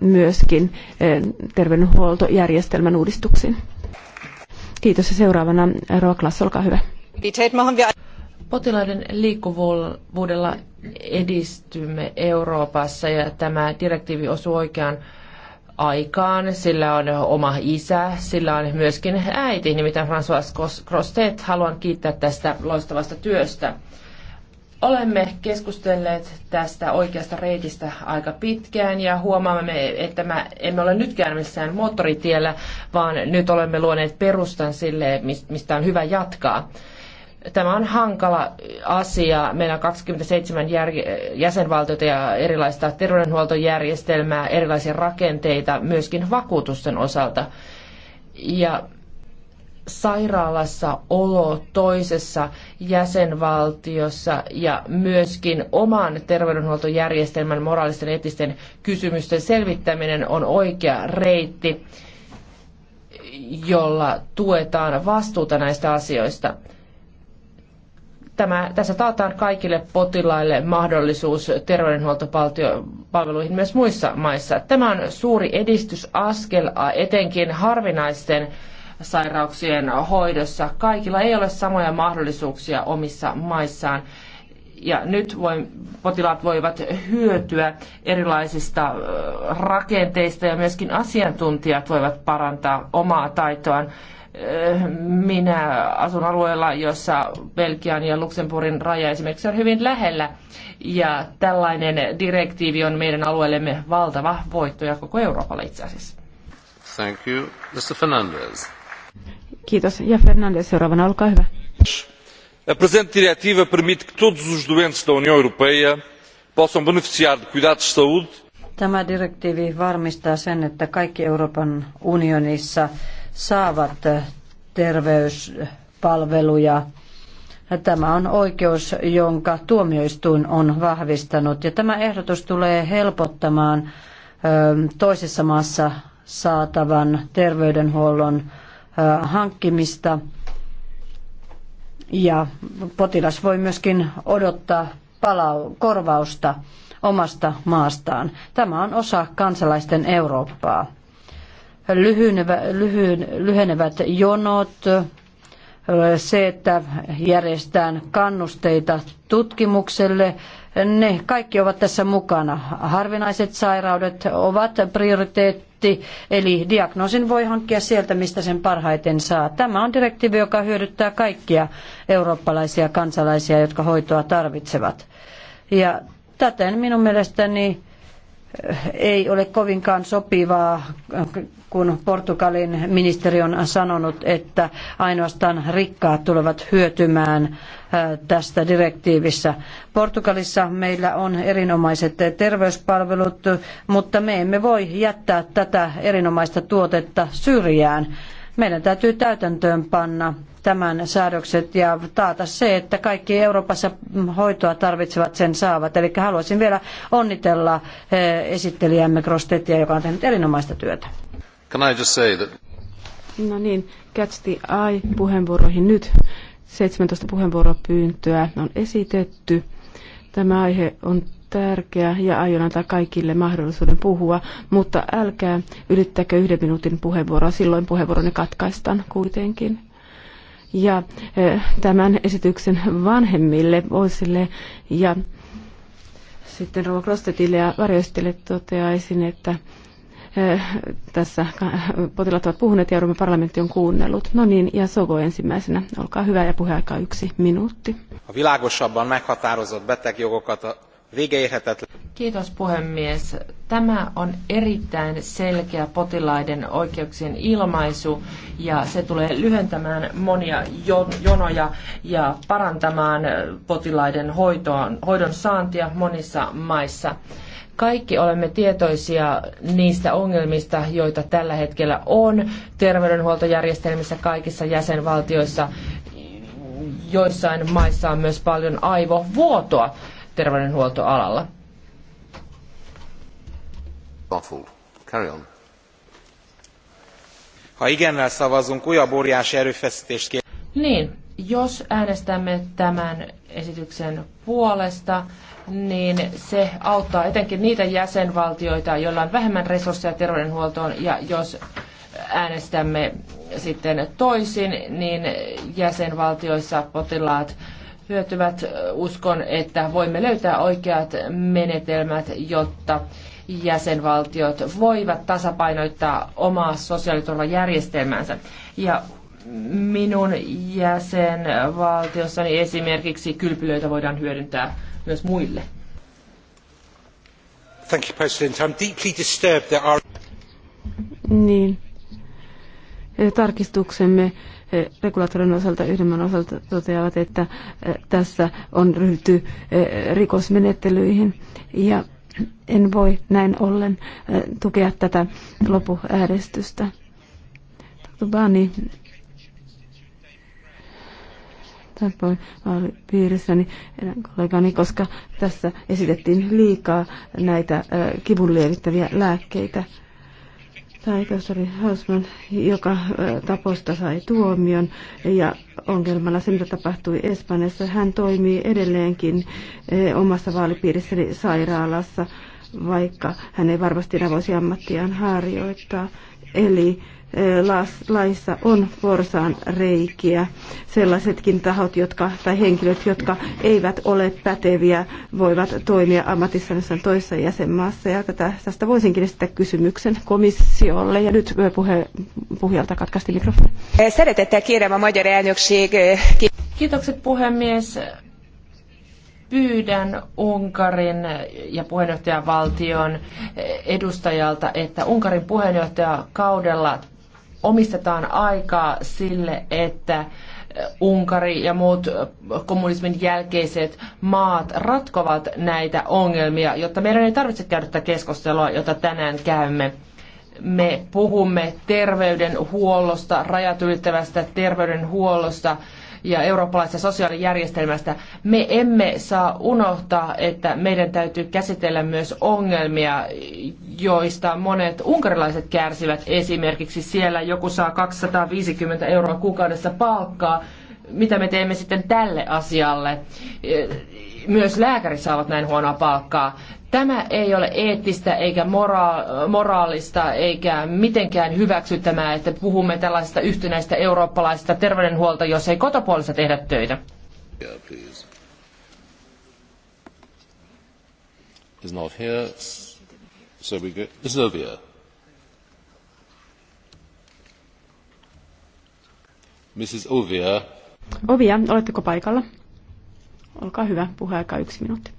myöskin eh, terveydenhuoltojärjestelmän uudistuksiin. Kiitos ja seuraavana eh, Roa Klass, olkaa hyvä. Potilaiden liikkuvuudella edistymme Euroopassa ja tämä direktiivi osuu oikeaan aikaan. Sillä on oma isä, sillä on myöskin äiti, nimittäin François Crostet. Haluan kiittää tästä loistavasta työstä. Olemme keskustelleet tästä oikeasta reitistä aika pitkään ja huomaamme, että me emme ole nytkään missään moottoritiellä, vaan nyt olemme luoneet perustan sille, mistä on hyvä jatkaa. Tämä on hankala asia. Meillä on 27 jäsenvaltiota ja erilaista terveydenhuoltojärjestelmää, erilaisia rakenteita myöskin vakuutusten osalta. Ja sairaalassa olo toisessa jäsenvaltiossa ja myöskin oman terveydenhuoltojärjestelmän moraalisten etisten kysymysten selvittäminen on oikea reitti, jolla tuetaan vastuuta näistä asioista. Tämä, tässä taataan kaikille potilaille mahdollisuus terveydenhuoltopalveluihin myös muissa maissa. Tämä on suuri edistysaskel etenkin harvinaisten sairauksien hoidossa. Kaikilla ei ole samoja mahdollisuuksia omissa maissaan. Ja nyt voi, potilaat voivat hyötyä erilaisista rakenteista ja myöskin asiantuntijat voivat parantaa omaa taitoaan minä asun alueella, jossa Belgian ja Luxemburgin raja esimerkiksi on hyvin lähellä. Ja tällainen direktiivi on meidän alueellemme valtava voitto ja koko Euroopalle itse asiassa. Thank you. Mr. Fernandez. Kiitos. Ja Fernandes seuraavana, olkaa hyvä. A presente diretiva permite que todos os doentes da União Europeia possam beneficiar de cuidados de saúde. Tämä direktiivi varmistaa sen, että kaikki Euroopan unionissa saavat eh, terveyspalveluja Tämä on oikeus, jonka tuomioistuin on vahvistanut. Ja tämä ehdotus tulee helpottamaan eh, toisessa maassa saatavan terveydenhuollon hankkimista ja potilas voi myöskin odottaa palau- korvausta omasta maastaan. Tämä on osa kansalaisten Eurooppaa. Lyhynevä, lyhyn, lyhenevät jonot, se, että järjestetään kannusteita tutkimukselle, ne kaikki ovat tässä mukana. Harvinaiset sairaudet ovat prioriteetti, eli diagnoosin voi hankkia sieltä, mistä sen parhaiten saa. Tämä on direktiivi, joka hyödyttää kaikkia eurooppalaisia kansalaisia, jotka hoitoa tarvitsevat. Ja täten minun mielestäni ei ole kovinkaan sopivaa, kun Portugalin ministeri on sanonut, että ainoastaan rikkaat tulevat hyötymään äh, tästä direktiivissä. Portugalissa meillä on erinomaiset terveyspalvelut, mutta me emme voi jättää tätä erinomaista tuotetta syrjään. Meidän täytyy täytäntöön panna tämän säädökset ja taata se, että kaikki Euroopassa hoitoa tarvitsevat sen saavat. Eli haluaisin vielä onnitella eh, esittelijämme Grostetia, joka on tehnyt erinomaista työtä. No niin, catch the eye puheenvuoroihin nyt. 17 puheenvuoropyyntöä on esitetty. Tämä aihe on tärkeä ja aion antaa kaikille mahdollisuuden puhua, mutta älkää ylittäkö yhden minuutin puheenvuoroa, silloin puheenvuoroni katkaistaan kuitenkin. Ja e, tämän esityksen vanhemmille, voisille ja sitten Rova Krostetille ja varjoistille toteaisin, että e, tässä potilaat ovat puhuneet ja Euroopan parlamentti on kuunnellut. No niin, ja Sogo ensimmäisenä. Olkaa hyvä ja puheaika yksi minuutti. A világosabban meghatározott betegjogokat a Kiitos puhemies. Tämä on erittäin selkeä potilaiden oikeuksien ilmaisu ja se tulee lyhentämään monia jonoja ja parantamaan potilaiden hoitoon, hoidon saantia monissa maissa kaikki olemme tietoisia niistä ongelmista, joita tällä hetkellä on terveydenhuoltojärjestelmissä kaikissa jäsenvaltioissa. Joissain maissa on myös paljon aivovuotoa terveydenhuoltoalalla. Ha igennel szavazunk, újabb óriási erőfeszítést kér... Niin, jos äänestämme tämän esityksen puolesta, niin se auttaa etenkin niitä jäsenvaltioita, joilla on vähemmän resursseja terveydenhuoltoon, ja jos äänestämme sitten toisin, niin jäsenvaltioissa potilaat hyötyvät. Uskon, että voimme löytää oikeat menetelmät, jotta jäsenvaltiot voivat tasapainoittaa omaa sosiaaliturvajärjestelmäänsä. Ja minun jäsenvaltiossani esimerkiksi kylpylöitä voidaan hyödyntää myös muille. Thank you, President. I'm deeply disturbed that our... Niin. Tarkistuksemme regulaattorin osalta yhdemmän osalta toteavat, että tässä on ryhdytty rikosmenettelyihin ja en voi näin ollen tukea tätä lopuäänestystä. Tubani tapoin vaalipiirissäni niin kollegani, koska tässä esitettiin liikaa näitä kivun lievittäviä lääkkeitä päätösori Hausman, joka taposta sai tuomion ja ongelmalla se, mitä tapahtui Espanjassa. Hän toimii edelleenkin omassa vaalipiirissäni sairaalassa, vaikka hän ei varmasti enää voisi ammattiaan harjoittaa. Eli laissa on porsaan reikiä. Sellaisetkin tahot jotka, tai henkilöt, jotka eivät ole päteviä, voivat toimia ammatissa jossain toisessa jäsenmaassa. Ja tätä, tästä voisinkin esittää kysymyksen komissiolle. Ja nyt puhe, puhujalta katkaisti mikrofoni. Szeretettel kérem magyar Kiitokset puhemies pyydän Unkarin ja puheenjohtajavaltion edustajalta, että Unkarin puheenjohtajakaudella omistetaan aikaa sille, että Unkari ja muut kommunismin jälkeiset maat ratkovat näitä ongelmia, jotta meidän ei tarvitse käydä tätä keskustelua, jota tänään käymme. Me puhumme terveydenhuollosta, rajat ylittävästä terveydenhuollosta, ja eurooppalaisesta sosiaalijärjestelmästä. Me emme saa unohtaa, että meidän täytyy käsitellä myös ongelmia, joista monet unkarilaiset kärsivät. Esimerkiksi siellä joku saa 250 euroa kuukaudessa palkkaa. Mitä me teemme sitten tälle asialle? myös lääkärit saavat näin huonoa palkkaa. Tämä ei ole eettistä eikä mora- moraalista eikä mitenkään hyväksyttämää, että puhumme tällaisista yhtenäistä eurooppalaisista terveydenhuolta, jos ei kotopuolissa tehdä töitä. Yeah, Mrs. Ovia. Ovia, oletteko paikalla? Olkaa hyvä, puheaika yksi minuutti.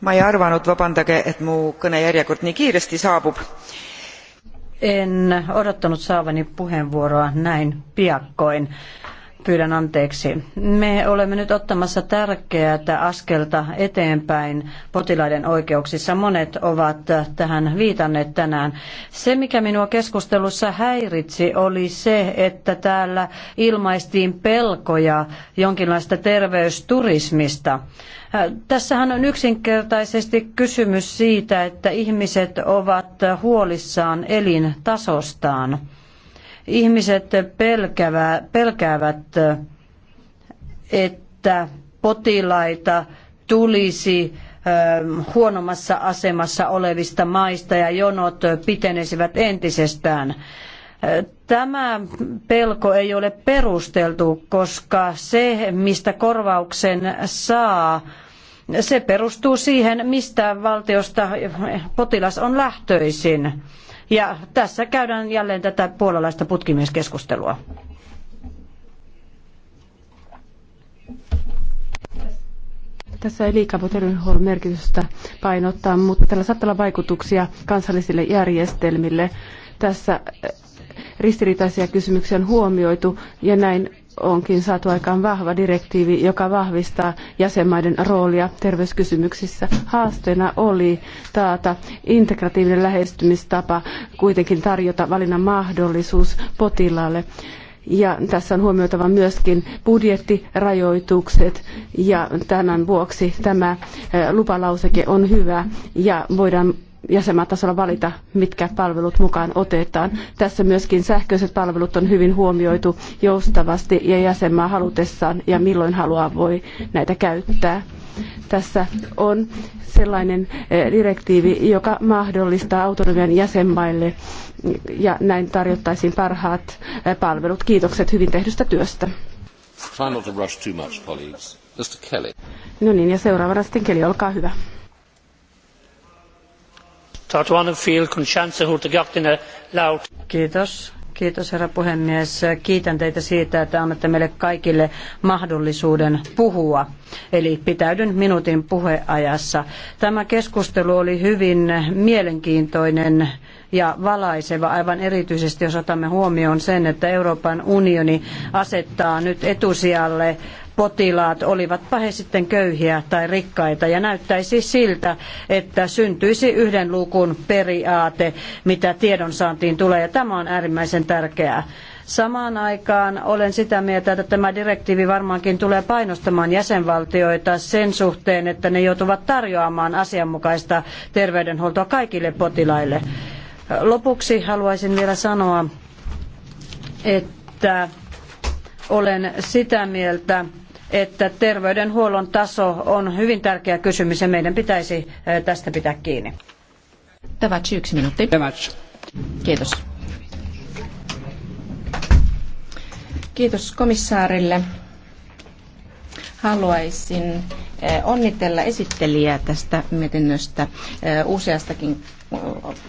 Ma ei arvannut, vabandage, et mu kõnejärjekord nii kiiresti saabub. En odottanut saavani puheenvuoroa näin piakkoin pyydän anteeksi. Me olemme nyt ottamassa tärkeää askelta eteenpäin potilaiden oikeuksissa. Monet ovat tähän viitanneet tänään. Se, mikä minua keskustelussa häiritsi, oli se, että täällä ilmaistiin pelkoja jonkinlaista terveysturismista. Tässähän on yksinkertaisesti kysymys siitä, että ihmiset ovat huolissaan elintasostaan Ihmiset pelkävä, pelkäävät, että potilaita tulisi ähm, huonommassa asemassa olevista maista ja jonot pitenisivät entisestään. Äh, tämä pelko ei ole perusteltu, koska se, mistä korvauksen saa, se perustuu siihen, mistä valtiosta potilas on lähtöisin. Ja tässä käydään jälleen tätä puolalaista putkimieskeskustelua. Tässä ei liikaa voi terveydenhuollon merkitystä painottaa, mutta tällä saattaa olla vaikutuksia kansallisille järjestelmille. Tässä eh, ristiriitaisia kysymyksiä on huomioitu ja näin onkin saatu aikaan vahva direktiivi, joka vahvistaa jäsenmaiden roolia terveyskysymyksissä. Haasteena oli taata integratiivinen lähestymistapa, kuitenkin tarjota valinnan mahdollisuus potilaalle. Ja tässä on huomioitava myöskin budjettirajoitukset ja tämän vuoksi tämä eh, lupalauseke on hyvä ja voidaan jäsenmaatasolla valita, mitkä palvelut mukaan otetaan. Tässä myöskin sähköiset palvelut on hyvin huomioitu joustavasti ja jäsenmaa halutessaan ja milloin haluaa voi näitä käyttää. Tässä on sellainen eh, direktiivi, joka mahdollistaa autonomian jäsenmaille ja näin tarjottaisiin parhaat eh, palvelut. Kiitokset hyvin tehdystä työstä. Try not to rush too much, colleagues. Mr. Kelly. No niin, ja seuraavana sitten Kelly, olkaa hyvä. Kiitos. Kiitos herra puhemies. Kiitän teitä siitä, että annatte meille kaikille mahdollisuuden puhua. Eli pitäydyn minuutin puheajassa. Tämä keskustelu oli hyvin mielenkiintoinen ja valaiseva, aivan erityisesti jos otamme huomioon sen, että Euroopan unioni asettaa nyt etusijalle potilaat, olivatpa he sitten köyhiä tai rikkaita. Ja näyttäisi siltä, että syntyisi yhden luukun periaate, mitä tiedonsaantiin tulee. Ja tämä on äärimmäisen tärkeää. Samaan aikaan olen sitä mieltä, että tämä direktiivi varmaankin tulee painostamaan jäsenvaltioita sen suhteen, että ne joutuvat tarjoamaan asianmukaista terveydenhuoltoa kaikille potilaille. Lopuksi haluaisin vielä sanoa, että olen sitä mieltä, että terveydenhuollon taso on hyvin tärkeä kysymys ja meidän pitäisi eh, tästä pitää kiinni. Tämä yksi minuutti. Kiitos. Kiitos komissaarille. Haluaisin eh, onnitella esittelijää tästä mietinnöstä eh, useastakin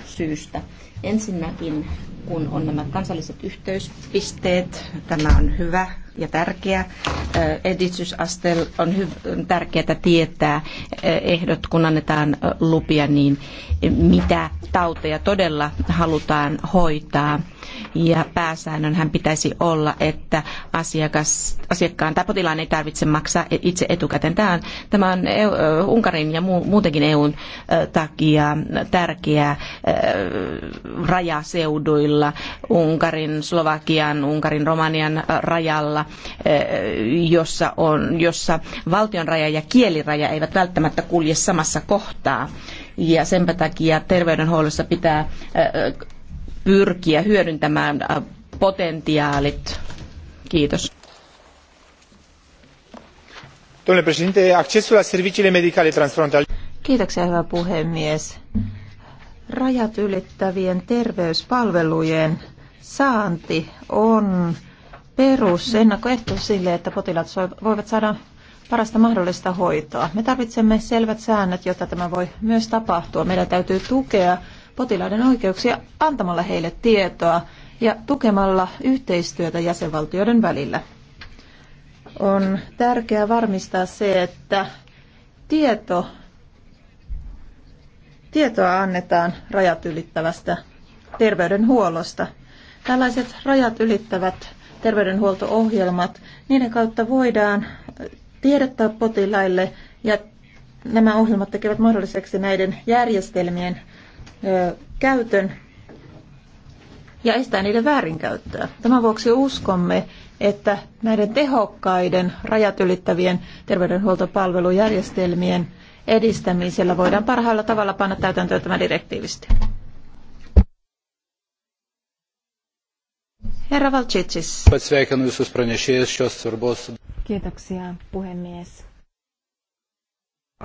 syystä. Ensinnäkin kun on nämä kansalliset yhteyspisteet. Tämä on hyvä ja tärkeä. Edistysaste on, hy- tärkeää tietää ehdot, kun annetaan lupia, niin mitä tauteja todella halutaan hoitaa ja pääsäännönhän pitäisi olla, että asiakas, asiakkaan tai potilaan ei tarvitse maksaa itse etukäteen. Tämä on, tämä on Unkarin ja muutenkin EUn takia tärkeä rajaseuduilla, Unkarin, Slovakian, Unkarin, Romanian rajalla, jossa, on, jossa valtionraja ja kieliraja eivät välttämättä kulje samassa kohtaa ja senpä takia terveydenhuollossa pitää pyrkiä hyödyntämään äh, potentiaalit. Kiitos. accesul la serviciile medicale Kiitoksia, hyvä puhemies. Rajat ylittävien terveyspalvelujen saanti on perus ennakkoehto sille, että potilaat voivat saada parasta mahdollista hoitoa. Me tarvitsemme selvät säännöt, jotta tämä voi myös tapahtua. Meidän täytyy tukea potilaiden oikeuksia antamalla heille tietoa ja tukemalla yhteistyötä jäsenvaltioiden välillä. On tärkeää varmistaa se, että tieto, tietoa annetaan rajat ylittävästä terveydenhuollosta. Tällaiset rajat ylittävät terveydenhuolto-ohjelmat, niiden kautta voidaan tiedottaa potilaille ja nämä ohjelmat tekevät mahdolliseksi näiden järjestelmien käytön ja estää niiden väärinkäyttöä. Tämän vuoksi uskomme, että näiden tehokkaiden rajat ylittävien terveydenhuoltopalvelujärjestelmien edistämisellä voidaan parhaalla tavalla panna täytäntöön tämä direktiivisti. Herra Valčičis. Kiitoksia, puhemies.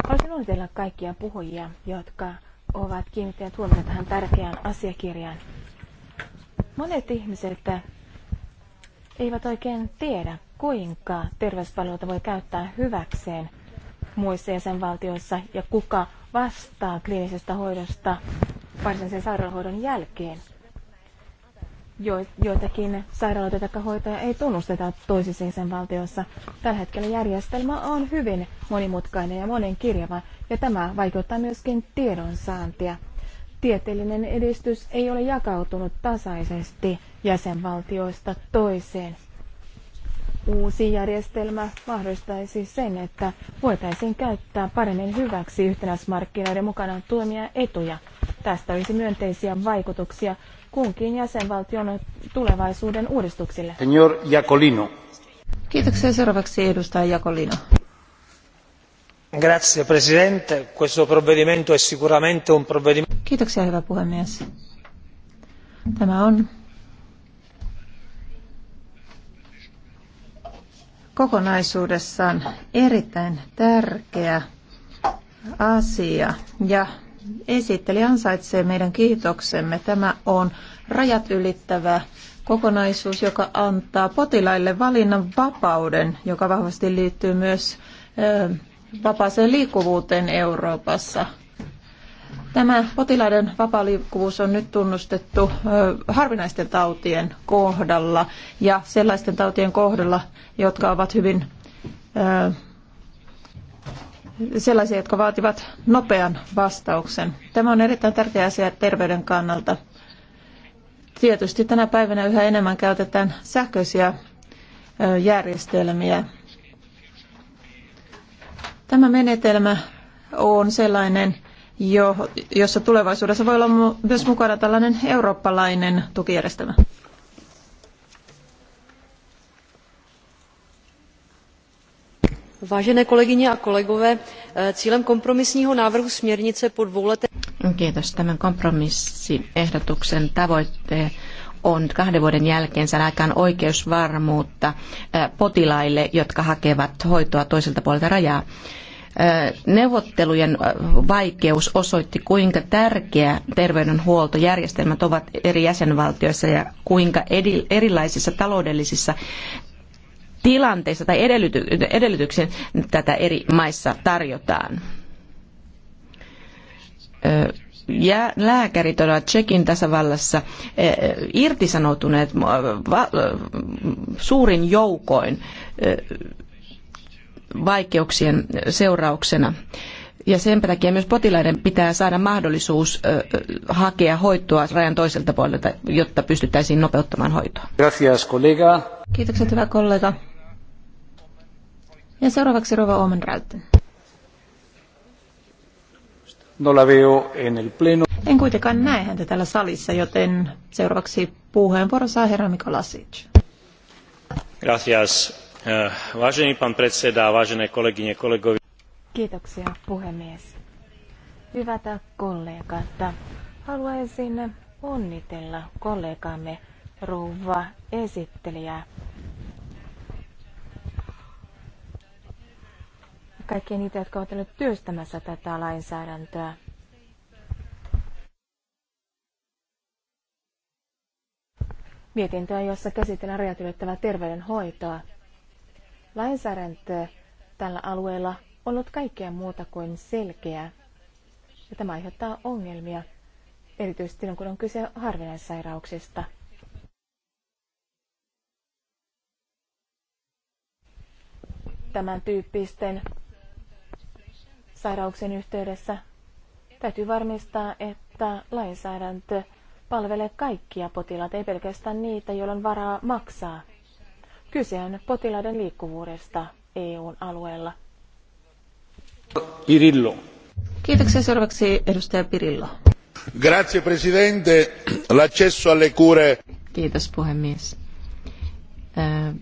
Haluaisin onnitella kaikkia puhujia, jotka ovat kiinnittäneet huomiota tähän tärkeään asiakirjaan. Monet ihmiset eivät oikein tiedä, kuinka terveyspalveluita voi käyttää hyväkseen muissa jäsenvaltioissa ja kuka vastaa kliinisestä hoidosta varsinaisen sairaanhoidon jälkeen jo, joitakin sairaaloita tai hoitoja ei tunnusteta toisissa valtioissa. Tällä hetkellä järjestelmä on hyvin monimutkainen ja monenkirjava, ja tämä vaikuttaa myöskin tiedonsaantia. Tieteellinen edistys ei ole jakautunut tasaisesti jäsenvaltioista toiseen. Uusi järjestelmä mahdollistaisi sen, että voitaisiin käyttää paremmin hyväksi yhtenäismarkkinoiden mukana tuomia etuja. Tästä olisi myönteisiä vaikutuksia kunkin jäsenvaltion tulevaisuuden uudistuksille. Señor Jacolino. Kiitoksia seuraavaksi edustaja Jacolino. Grazie Presidente. Questo provvedimento è sicuramente un provvedimento... Kiitoksia hyvä puhemies. Tämä on kokonaisuudessaan erittäin tärkeä asia ja esitteli ansaitsee meidän kiitoksemme. Tämä on rajat ylittävä kokonaisuus, joka antaa potilaille valinnan vapauden, joka vahvasti liittyy myös vapaaseen liikkuvuuteen Euroopassa. Tämä potilaiden vapaaliikkuvuus on nyt tunnustettu harvinaisten tautien kohdalla ja sellaisten tautien kohdalla, jotka ovat hyvin sellaisia, jotka vaativat nopean vastauksen. Tämä on erittäin tärkeä asia terveyden kannalta. Tietysti tänä päivänä yhä enemmän käytetään sähköisiä järjestelmiä. Tämä menetelmä on sellainen, jo, jossa tulevaisuudessa voi olla myös mukana tällainen eurooppalainen tukijärjestelmä. Vážené kolegyně a kolegové, eh, cílem kompromisního návrhu směrnice po dvouleté... No kiitos. Tämän kompromissiehdotuksen tavoitteena on kahden vuoden jälkeen saada aikaan oikeusvarmuutta eh, potilaille, jotka hakevat hoitoa toiselta puolelta rajaa. Eh, neuvottelujen vaikeus osoitti, kuinka tärkeä terveydenhuoltojärjestelmät ovat eri jäsenvaltioissa ja kuinka erilaisissa taloudellisissa tilanteissa tai edellyty- edellytyksen tätä eri maissa tarjotaan. Ja lääkärit ovat Tsekin tasavallassa irtisanoutuneet suurin joukoin vaikeuksien seurauksena. Ja sen takia myös potilaiden pitää saada mahdollisuus hakea hoitoa rajan toiselta puolelta, jotta pystyttäisiin nopeuttamaan hoitoa. Gracias, kollega. Kiitokset, hyvä kollega. Ja seuraavaksi Rova Omen Räytten. No la veo en el pleno. En kuitenkaan näe häntä täällä salissa, joten seuraavaksi puheenvuoro saa herra Mikko Lasic. Gracias. Eh, vážený pán predseda, vážené kolegyne, kolegovi. Kiitoksia puhemies. Hyvät kollegat, haluaisin onnitella kollegamme rouva esittelijää kaikkia niitä, jotka ovat olleet työstämässä tätä lainsäädäntöä. Mietintöä, jossa käsitellään rajat ylittävää terveydenhoitoa. Lainsäädäntö tällä alueella on ollut kaikkea muuta kuin selkeää, ja tämä aiheuttaa ongelmia, erityisesti kun on kyse harvinaissairauksista. tämän tyyppisten sairauksien yhteydessä täytyy varmistaa, että lainsäädäntö palvelee kaikkia potilaita, ei pelkästään niitä, joilla on varaa maksaa. Kyse on potilaiden liikkuvuudesta EUn alueella. Pirillo. Kiitoksia seuraavaksi edustaja Pirillo. Grazie presidente. L'accesso alle cure. Kiitos puhemies äh,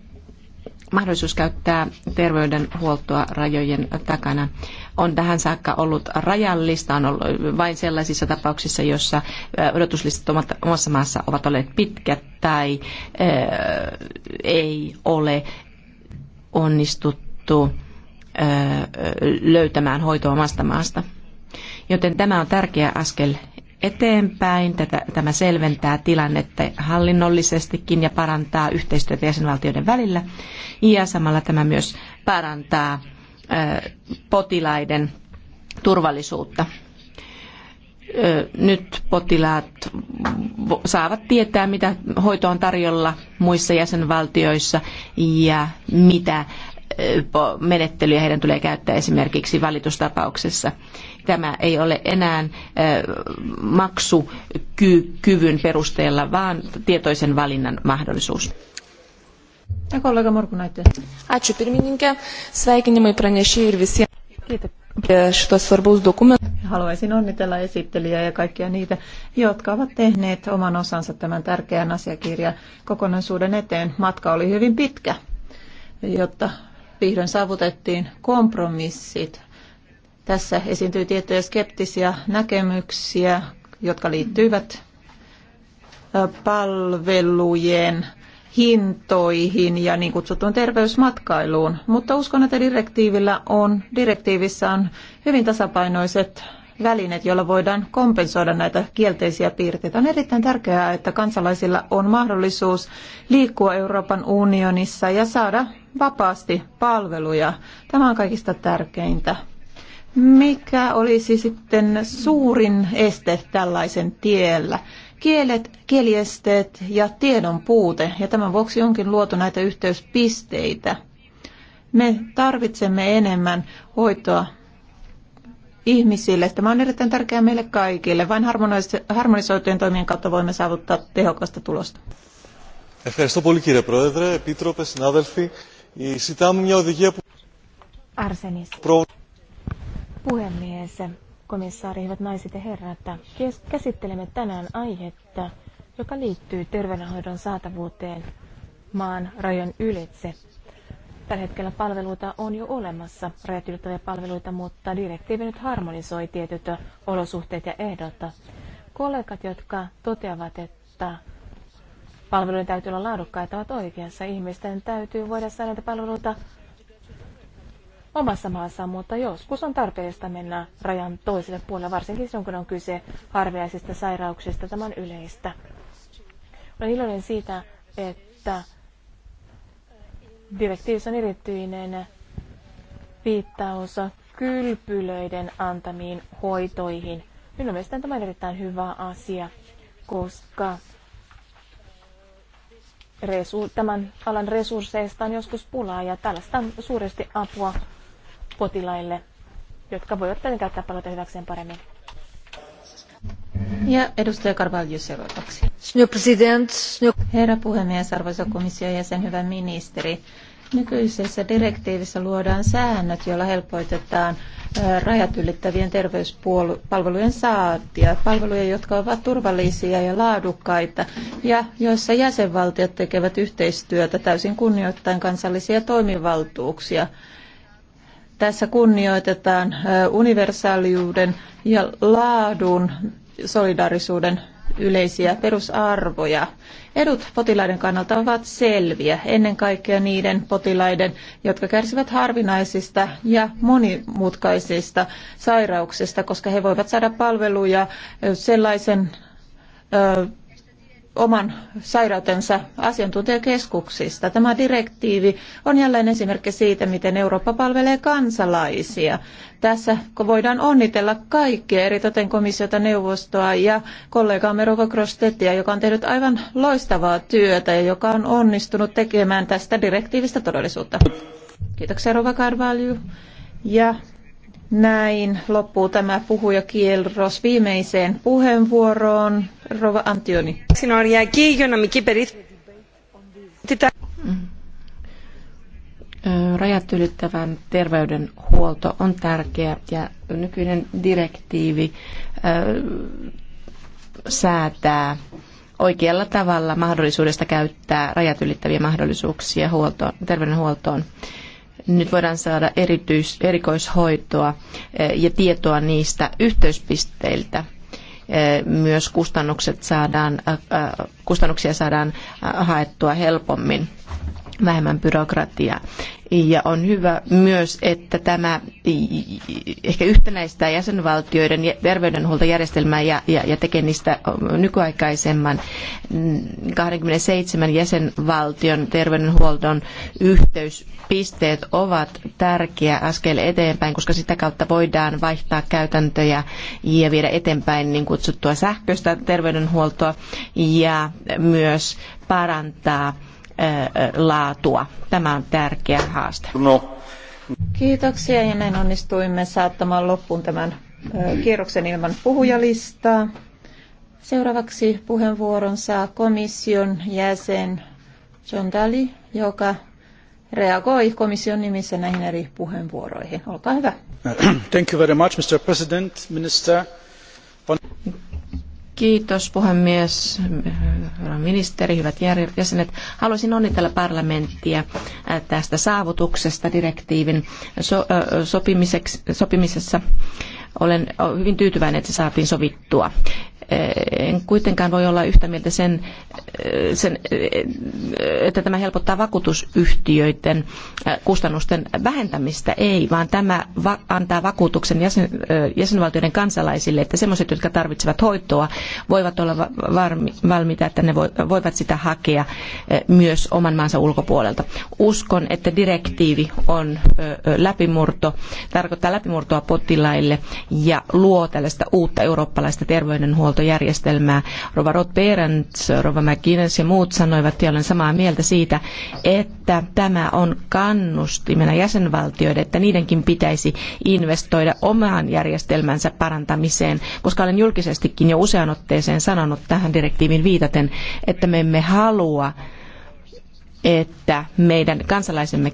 mahdollisuus käyttää terveydenhuoltoa rajojen takana on tähän saakka ollut rajallista, on ollut vain sellaisissa tapauksissa, joissa odotuslistat omassa maassa ovat olleet pitkät tai ei ole onnistuttu löytämään hoitoa omasta maasta. Joten tämä on tärkeä askel eteenpäin. Tätä, tämä selventää tilannetta hallinnollisestikin ja parantaa yhteistyötä jäsenvaltioiden välillä. Ja samalla tämä myös parantaa potilaiden turvallisuutta. Nyt potilaat saavat tietää, mitä hoitoa on tarjolla muissa jäsenvaltioissa ja mitä menettelyjä heidän tulee käyttää esimerkiksi valitustapauksessa. Tämä ei ole enää maksukyvyn perusteella, vaan tietoisen valinnan mahdollisuus. Kollega Morkunaitė. Ačiū pirmininkė, sveikinimai pranešėjai ir visiems. Kiitos e, Haluaisin onnitella esittelijää ja kaikkia niitä, jotka ovat tehneet oman osansa tämän tärkeän asiakirjan kokonaisuuden eteen. Matka oli hyvin pitkä, jotta vihdoin saavutettiin kompromissit tässä esiintyy tiettyjä skeptisiä näkemyksiä, jotka liittyvät palvelujen hintoihin ja niin kutsuttuun terveysmatkailuun, mutta uskon, että direktiivillä on, direktiivissä on hyvin tasapainoiset välineet, joilla voidaan kompensoida näitä kielteisiä piirteitä. On erittäin tärkeää, että kansalaisilla on mahdollisuus liikkua Euroopan unionissa ja saada vapaasti palveluja. Tämä on kaikista tärkeintä. Mikä olisi sitten suurin este tällaisen tiellä? Kielet, kieliesteet ja tiedon puute, ja tämän vuoksi onkin luotu näitä yhteyspisteitä. Me tarvitsemme enemmän hoitoa ihmisille. Tämä on erittäin tärkeää meille kaikille. Vain harmonisoitujen toimien kautta voimme saavuttaa tehokasta tulosta. Arsenis puhemies, komissaari, hyvät naiset ja herrat. Käsittelemme tänään aihetta, joka liittyy terveydenhoidon saatavuuteen maan rajan ylitse. Tällä hetkellä palveluita on jo olemassa, rajat ylittäviä palveluita, mutta direktiivi nyt harmonisoi tietyt olosuhteet ja ehdot. Kollegat, jotka toteavat, että palveluiden täytyy olla laadukkaita, ovat oikeassa. Ihmisten täytyy voida saada näitä palveluita omassa maassaan, mutta joskus on tarpeellista mennä rajan toiselle puolelle, varsinkin silloin kun on kyse harviaisista sairauksista, tämän yleistä. Olen iloinen siitä, että direktiivissä on erityinen viittaus kylpylöiden antamiin hoitoihin. Minun mielestäni tämä on erittäin hyvä asia, koska tämän alan resursseista on joskus pulaa ja tällaista on suuresti apua potilaille, jotka voivat ottaa käyttää palveluita hyväkseen paremmin. Ja edustaja Carvalho seuraavaksi. Signor President, Herra puhemies, arvoisa ja jäsen, hyvä ministeri. Nykyisessä direktiivissä luodaan säännöt, joilla helpoitetaan rajat ylittävien terveyspalvelujen saantia, palveluja, jotka ovat turvallisia ja laadukkaita, ja joissa jäsenvaltiot tekevät yhteistyötä täysin kunnioittain kansallisia toimivaltuuksia. Tässä kunnioitetaan universaaliuden ja laadun solidaarisuuden yleisiä perusarvoja. Edut potilaiden kannalta ovat selviä, ennen kaikkea niiden potilaiden, jotka kärsivät harvinaisista ja monimutkaisista sairauksista, koska he voivat saada palveluja sellaisen oman sairautensa asiantuntijakeskuksista. Tämä direktiivi on jälleen esimerkki siitä, miten Eurooppa palvelee kansalaisia. Tässä voidaan onnitella kaikkia eri toten komissiota, neuvostoa ja kollegaamme Rova Krostetia, joka on tehnyt aivan loistavaa työtä ja joka on onnistunut tekemään tästä direktiivistä todellisuutta. Kiitoksia Rova Carvalho. Ja näin loppuu tämä puhuja puhujakierros viimeiseen puheenvuoroon. Rova Antioni. Συνοριακή υγειονομική περίθαλψη. Rajat ylittävän terveydenhuolto on tärkeä ja nykyinen direktiivi säätää oikealla tavalla mahdollisuudesta käyttää rajat ylittäviä mahdollisuuksia huoltoon, terveydenhuoltoon. Nyt voidaan saada erityis, erikoishoitoa eh, ja tietoa niistä yhteyspisteiltä. Eh, myös kustannukset saadaan, eh, kustannuksia saadaan haettua helpommin vähemmän byrokratiaa. Ja on hyvä myös, että tämä ehkä yhtenäistää jäsenvaltioiden terveydenhuoltojärjestelmää ja, ja, ja tekee niistä nykyaikaisemman 27 mm, jäsenvaltion terveydenhuollon yhteyspisteet ovat tärkeä askel eteenpäin, koska sitä kautta voidaan vaihtaa käytäntöjä ja viedä eteenpäin niin kutsuttua sähköistä terveydenhuoltoa ja myös parantaa laatua. Tämä on tärkeä haaste. No. Kiitoksia ja näin onnistuimme saattamaan loppuun tämän kierroksen ilman puhujalistaa. Seuraavaksi puheenvuoron saa komission jäsen John Daly, joka reagoi komission nimissä näihin eri puheenvuoroihin. Olkaa hyvä. Thank you very much, Mr. President, Minister. Kiitos puhemies, ministeri, hyvät jäsenet. Haluaisin onnitella parlamenttia äh, tästä saavutuksesta direktiivin äh, sopimisessa. Olen hyvin tyytyväinen, että se saatiin sovittua en kuitenkaan voi olla yhtä mieltä sen, sen että tämä helpottaa vakuutusyhtiöiden kustannusten vähentämistä. Ei, vaan tämä antaa vakuutuksen jäsen, jäsenvaltioiden kansalaisille, että sellaiset, jotka tarvitsevat hoitoa, voivat olla valmiita, että ne voivat sitä hakea eh, myös oman maansa ulkopuolelta. Uskon, että direktiivi on läpimurto, tarkoittaa läpimurtoa potilaille ja luo tällaista uutta eurooppalaista terveydenhuoltoa terveydenhuoltojärjestelmää. Rova Rothberent, Rova McGuinness ja muut sanoivat, ja olen samaa mieltä siitä, että tämä on kannustimena jäsenvaltioiden, että niidenkin pitäisi investoida omaan järjestelmänsä parantamiseen, koska olen julkisestikin jo useaan otteeseen sanonut tähän direktiivin viitaten, että me emme halua että meidän kansalaisemme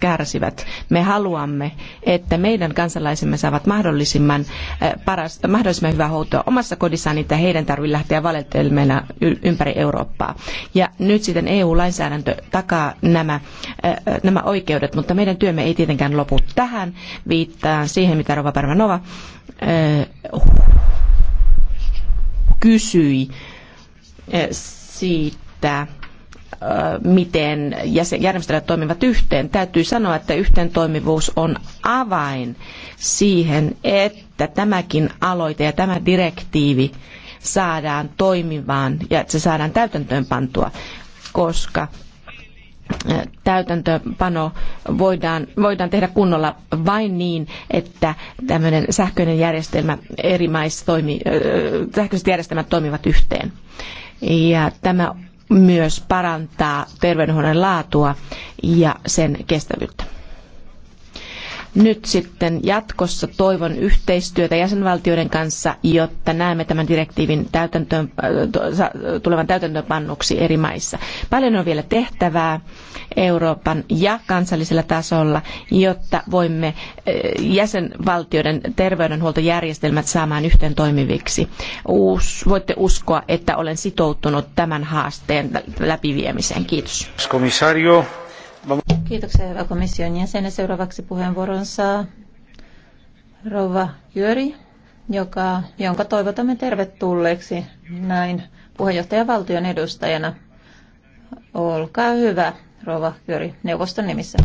kärsivät. Me haluamme, että meidän kansalaisemme saavat mahdollisimman, eh, paras, mahdollisimman hyvää hoitoa omassa kodissaan, että heidän tarvitse lähteä valittelemaan ympäri Eurooppaa. Ja nyt sitten EU-lainsäädäntö takaa nämä, eh, nämä oikeudet, mutta meidän työmme ei tietenkään lopu tähän. Viittaan siihen, mitä Rova Permanova eh, kysyi siitä, miten jäsen, järjestelmät toimivat yhteen. Täytyy sanoa, että yhteentoimivuus on avain siihen, että tämäkin aloite ja tämä direktiivi saadaan toimivaan ja että se saadaan täytäntöön koska täytäntöpano voidaan, voidaan tehdä kunnolla vain niin, että tämmöinen sähköinen järjestelmä eri maissa toimii, sähköiset järjestelmät toimivat yhteen. Ja tämä myös parantaa terveydenhuollon laatua ja sen kestävyyttä. Nyt sitten jatkossa toivon yhteistyötä jäsenvaltioiden kanssa, jotta näemme tämän direktiivin täytäntöön, äh, tulevan täytäntöönpannuksi eri maissa. Paljon on vielä tehtävää Euroopan ja kansallisella tasolla, jotta voimme äh, jäsenvaltioiden terveydenhuoltojärjestelmät saamaan yhteen toimiviksi. Uus, voitte uskoa, että olen sitoutunut tämän haasteen läpiviemiseen. Kiitos. Komissario. Kiitoksia hyvä komission jäsen. Ja seuraavaksi puheenvuoron saa rouva Jyöri, joka, jonka toivotamme tervetulleeksi näin puheenjohtajavaltion edustajana. Olkaa hyvä, rouva Jyöri, neuvoston nimissä.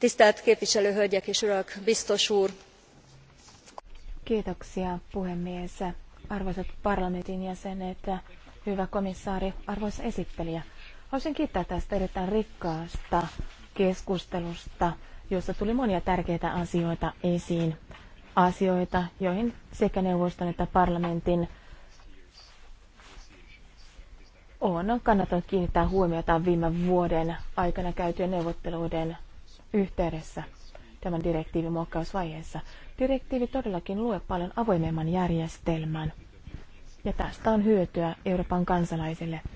Tisztelt képviselőhölgyek és urak, biztos Kiitoksia puhemies, arvoisat parlamentin jäsenet, hyvä komissaari, arvoisa esittelijä. Haluaisin kiittää tästä erittäin rikkaasta keskustelusta, jossa tuli monia tärkeitä asioita esiin. Asioita, joihin sekä neuvoston että parlamentin on kannattanut kiinnittää huomiota viime vuoden aikana käytyjen neuvotteluiden yhteydessä tämän direktiivin muokkausvaiheessa. Direktiivi todellakin luo paljon avoimemman järjestelmän, ja tästä on hyötyä Euroopan kansalaisille –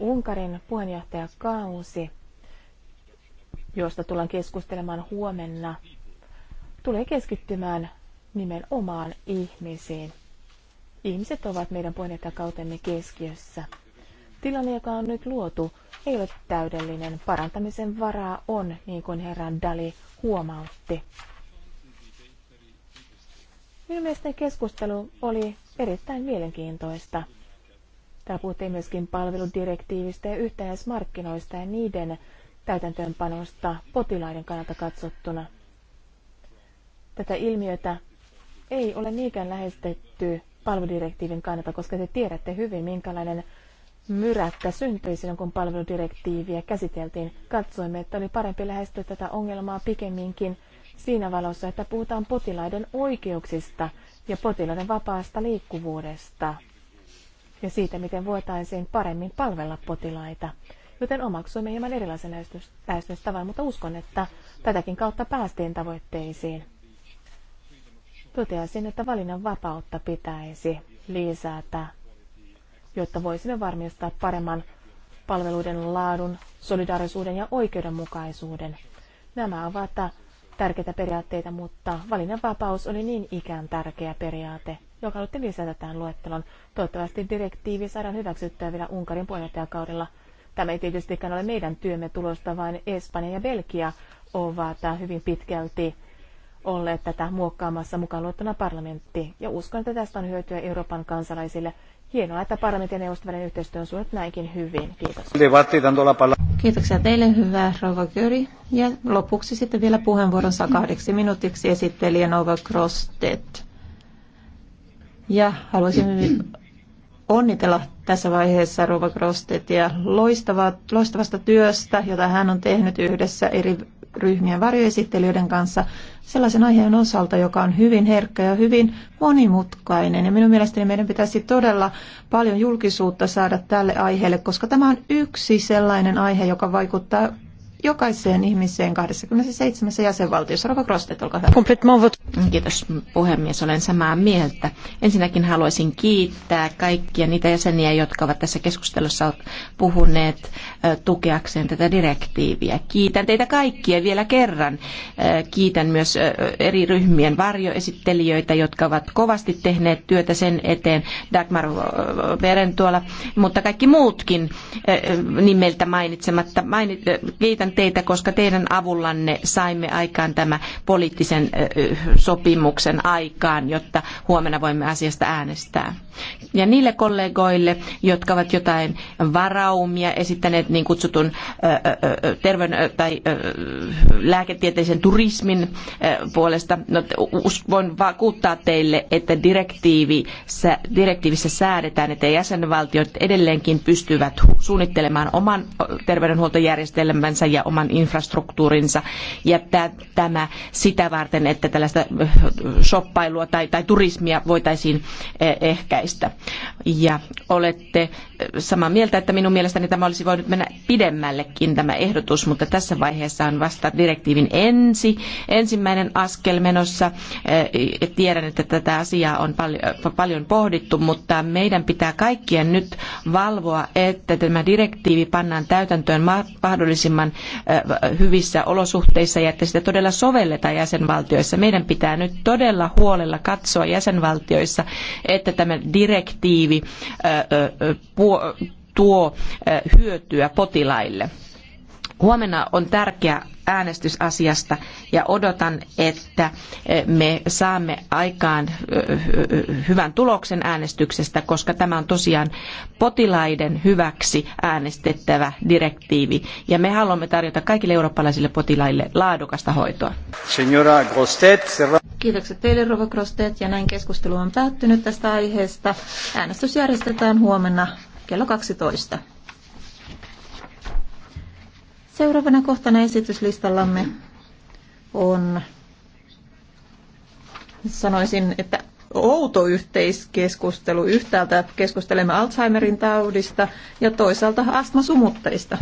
Unkarin puheenjohtaja Kausi, josta tullaan keskustelemaan huomenna, tulee keskittymään nimenomaan ihmisiin. Ihmiset ovat meidän puheenjohtajakautemme keskiössä. Tilanne, joka on nyt luotu, ei ole täydellinen. Parantamisen varaa on, niin kuin herra Dali huomautti. Minun mielestäni keskustelu oli erittäin mielenkiintoista. Täällä puhuttiin myöskin palveludirektiivistä ja yhtenäismarkkinoista ja niiden täytäntöönpanosta potilaiden kannalta katsottuna. Tätä ilmiötä ei ole niinkään lähestetty palveludirektiivin kannalta, koska te tiedätte hyvin, minkälainen myrättä syntyi silloin, kun palveludirektiiviä käsiteltiin. Katsoimme, että oli parempi lähestyä tätä ongelmaa pikemminkin siinä valossa, että puhutaan potilaiden oikeuksista ja potilaiden vapaasta liikkuvuudesta ja siitä, miten voitaisiin paremmin palvella potilaita. Joten omaksuimme hieman erilaisen lähestymistavan, mutta uskon, että tätäkin kautta päästiin tavoitteisiin. Toteaisin, että valinnan vapautta pitäisi lisätä, jotta voisimme varmistaa paremman palveluiden laadun, solidaarisuuden ja oikeudenmukaisuuden. Nämä ovat tärkeitä periaatteita, mutta valinnanvapaus oli niin ikään tärkeä periaate joka haluatte lisätä tähän luettelon. Toivottavasti direktiivi saadaan hyväksyttyä vielä Unkarin puheenjohtajakaudella. Tämä ei tietystikään ole meidän työmme tulosta, vaan Espanja ja Belgia ovat hyvin pitkälti olleet tätä muokkaamassa mukaan luettuna parlamentti. Ja uskon, että tästä on hyötyä Euroopan kansalaisille. Hienoa, että parlamentin ja neuvostovälinen yhteistyö on sujunut näinkin hyvin. Kiitos. Kiitoksia teille, hyvä Rova Köri. Ja lopuksi sitten vielä puheenvuoronsa kahdeksi minuutiksi esittelijä Nova Crosstedt. Ja haluaisin onnitella tässä vaiheessa Rova Grostetia loistavasta työstä, jota hän on tehnyt yhdessä eri ryhmien varjoesittelijöiden kanssa sellaisen aiheen osalta, joka on hyvin herkkä ja hyvin monimutkainen. Ja minun mielestäni meidän pitäisi todella paljon julkisuutta saada tälle aiheelle, koska tämä on yksi sellainen aihe, joka vaikuttaa jokaiseen ihmiseen 27 jäsenvaltiossa. Rova Krostet, olkaa hyvä. Kiitos puhemies, olen samaa mieltä. Ensinnäkin haluaisin kiittää kaikkia niitä jäseniä, jotka ovat tässä keskustelussa puhuneet tukeakseen tätä direktiiviä. Kiitän teitä kaikkia vielä kerran. Kiitän myös eri ryhmien varjoesittelijöitä, jotka ovat kovasti tehneet työtä sen eteen. Dagmar Veren tuolla, mutta kaikki muutkin nimeltä niin mainitsematta. Mainit, kiitän kiitän teitä, koska teidän avullanne saimme aikaan tämä poliittisen sopimuksen aikaan, jotta huomenna voimme asiasta äänestää. Ja niille kollegoille, jotka ovat jotain varaumia esittäneet niin kutsutun terveyden tai lääketieteellisen turismin puolesta, no, voin vakuuttaa teille, että direktiivi, direktiivissä säädetään, että jäsenvaltiot edelleenkin pystyvät suunnittelemaan oman terveydenhuoltojärjestelmänsä ja ja oman infrastruktuurinsa. Ja tämä sitä varten, että tällaista shoppailua tai, tai turismia voitaisiin e, ehkäistä. Ja olette samaa mieltä, että minun mielestäni tämä olisi voinut mennä pidemmällekin tämä ehdotus, mutta tässä vaiheessa on vasta direktiivin ensi, ensimmäinen askel menossa. Eh, tiedän, että tätä asiaa on paljon pohdittu, mutta meidän pitää kaikkien nyt valvoa, että tämä direktiivi pannaan täytäntöön mahdollisimman eh, hyvissä olosuhteissa ja että sitä todella sovelletaan jäsenvaltioissa. Meidän pitää nyt todella huolella katsoa jäsenvaltioissa, että tämä direktiivi eh, puolella tuo, tuo hyötyä potilaille. Huomenna on tärkeä äänestys asiasta ja odotan, että me saamme aikaan hyvän tuloksen äänestyksestä, koska tämä on tosiaan potilaiden hyväksi äänestettävä direktiivi ja me haluamme tarjota kaikille eurooppalaisille potilaille laadukasta hoitoa. Kiitokset teille, Rova Grostet, ja näin keskustelu on päättynyt tästä aiheesta. Äänestys järjestetään huomenna kello 12. Seuraavana kohtana esityslistallamme on, sanoisin, että outo yhteiskeskustelu. Yhtäältä keskustelemme Alzheimerin taudista ja toisaalta astmasumutteista.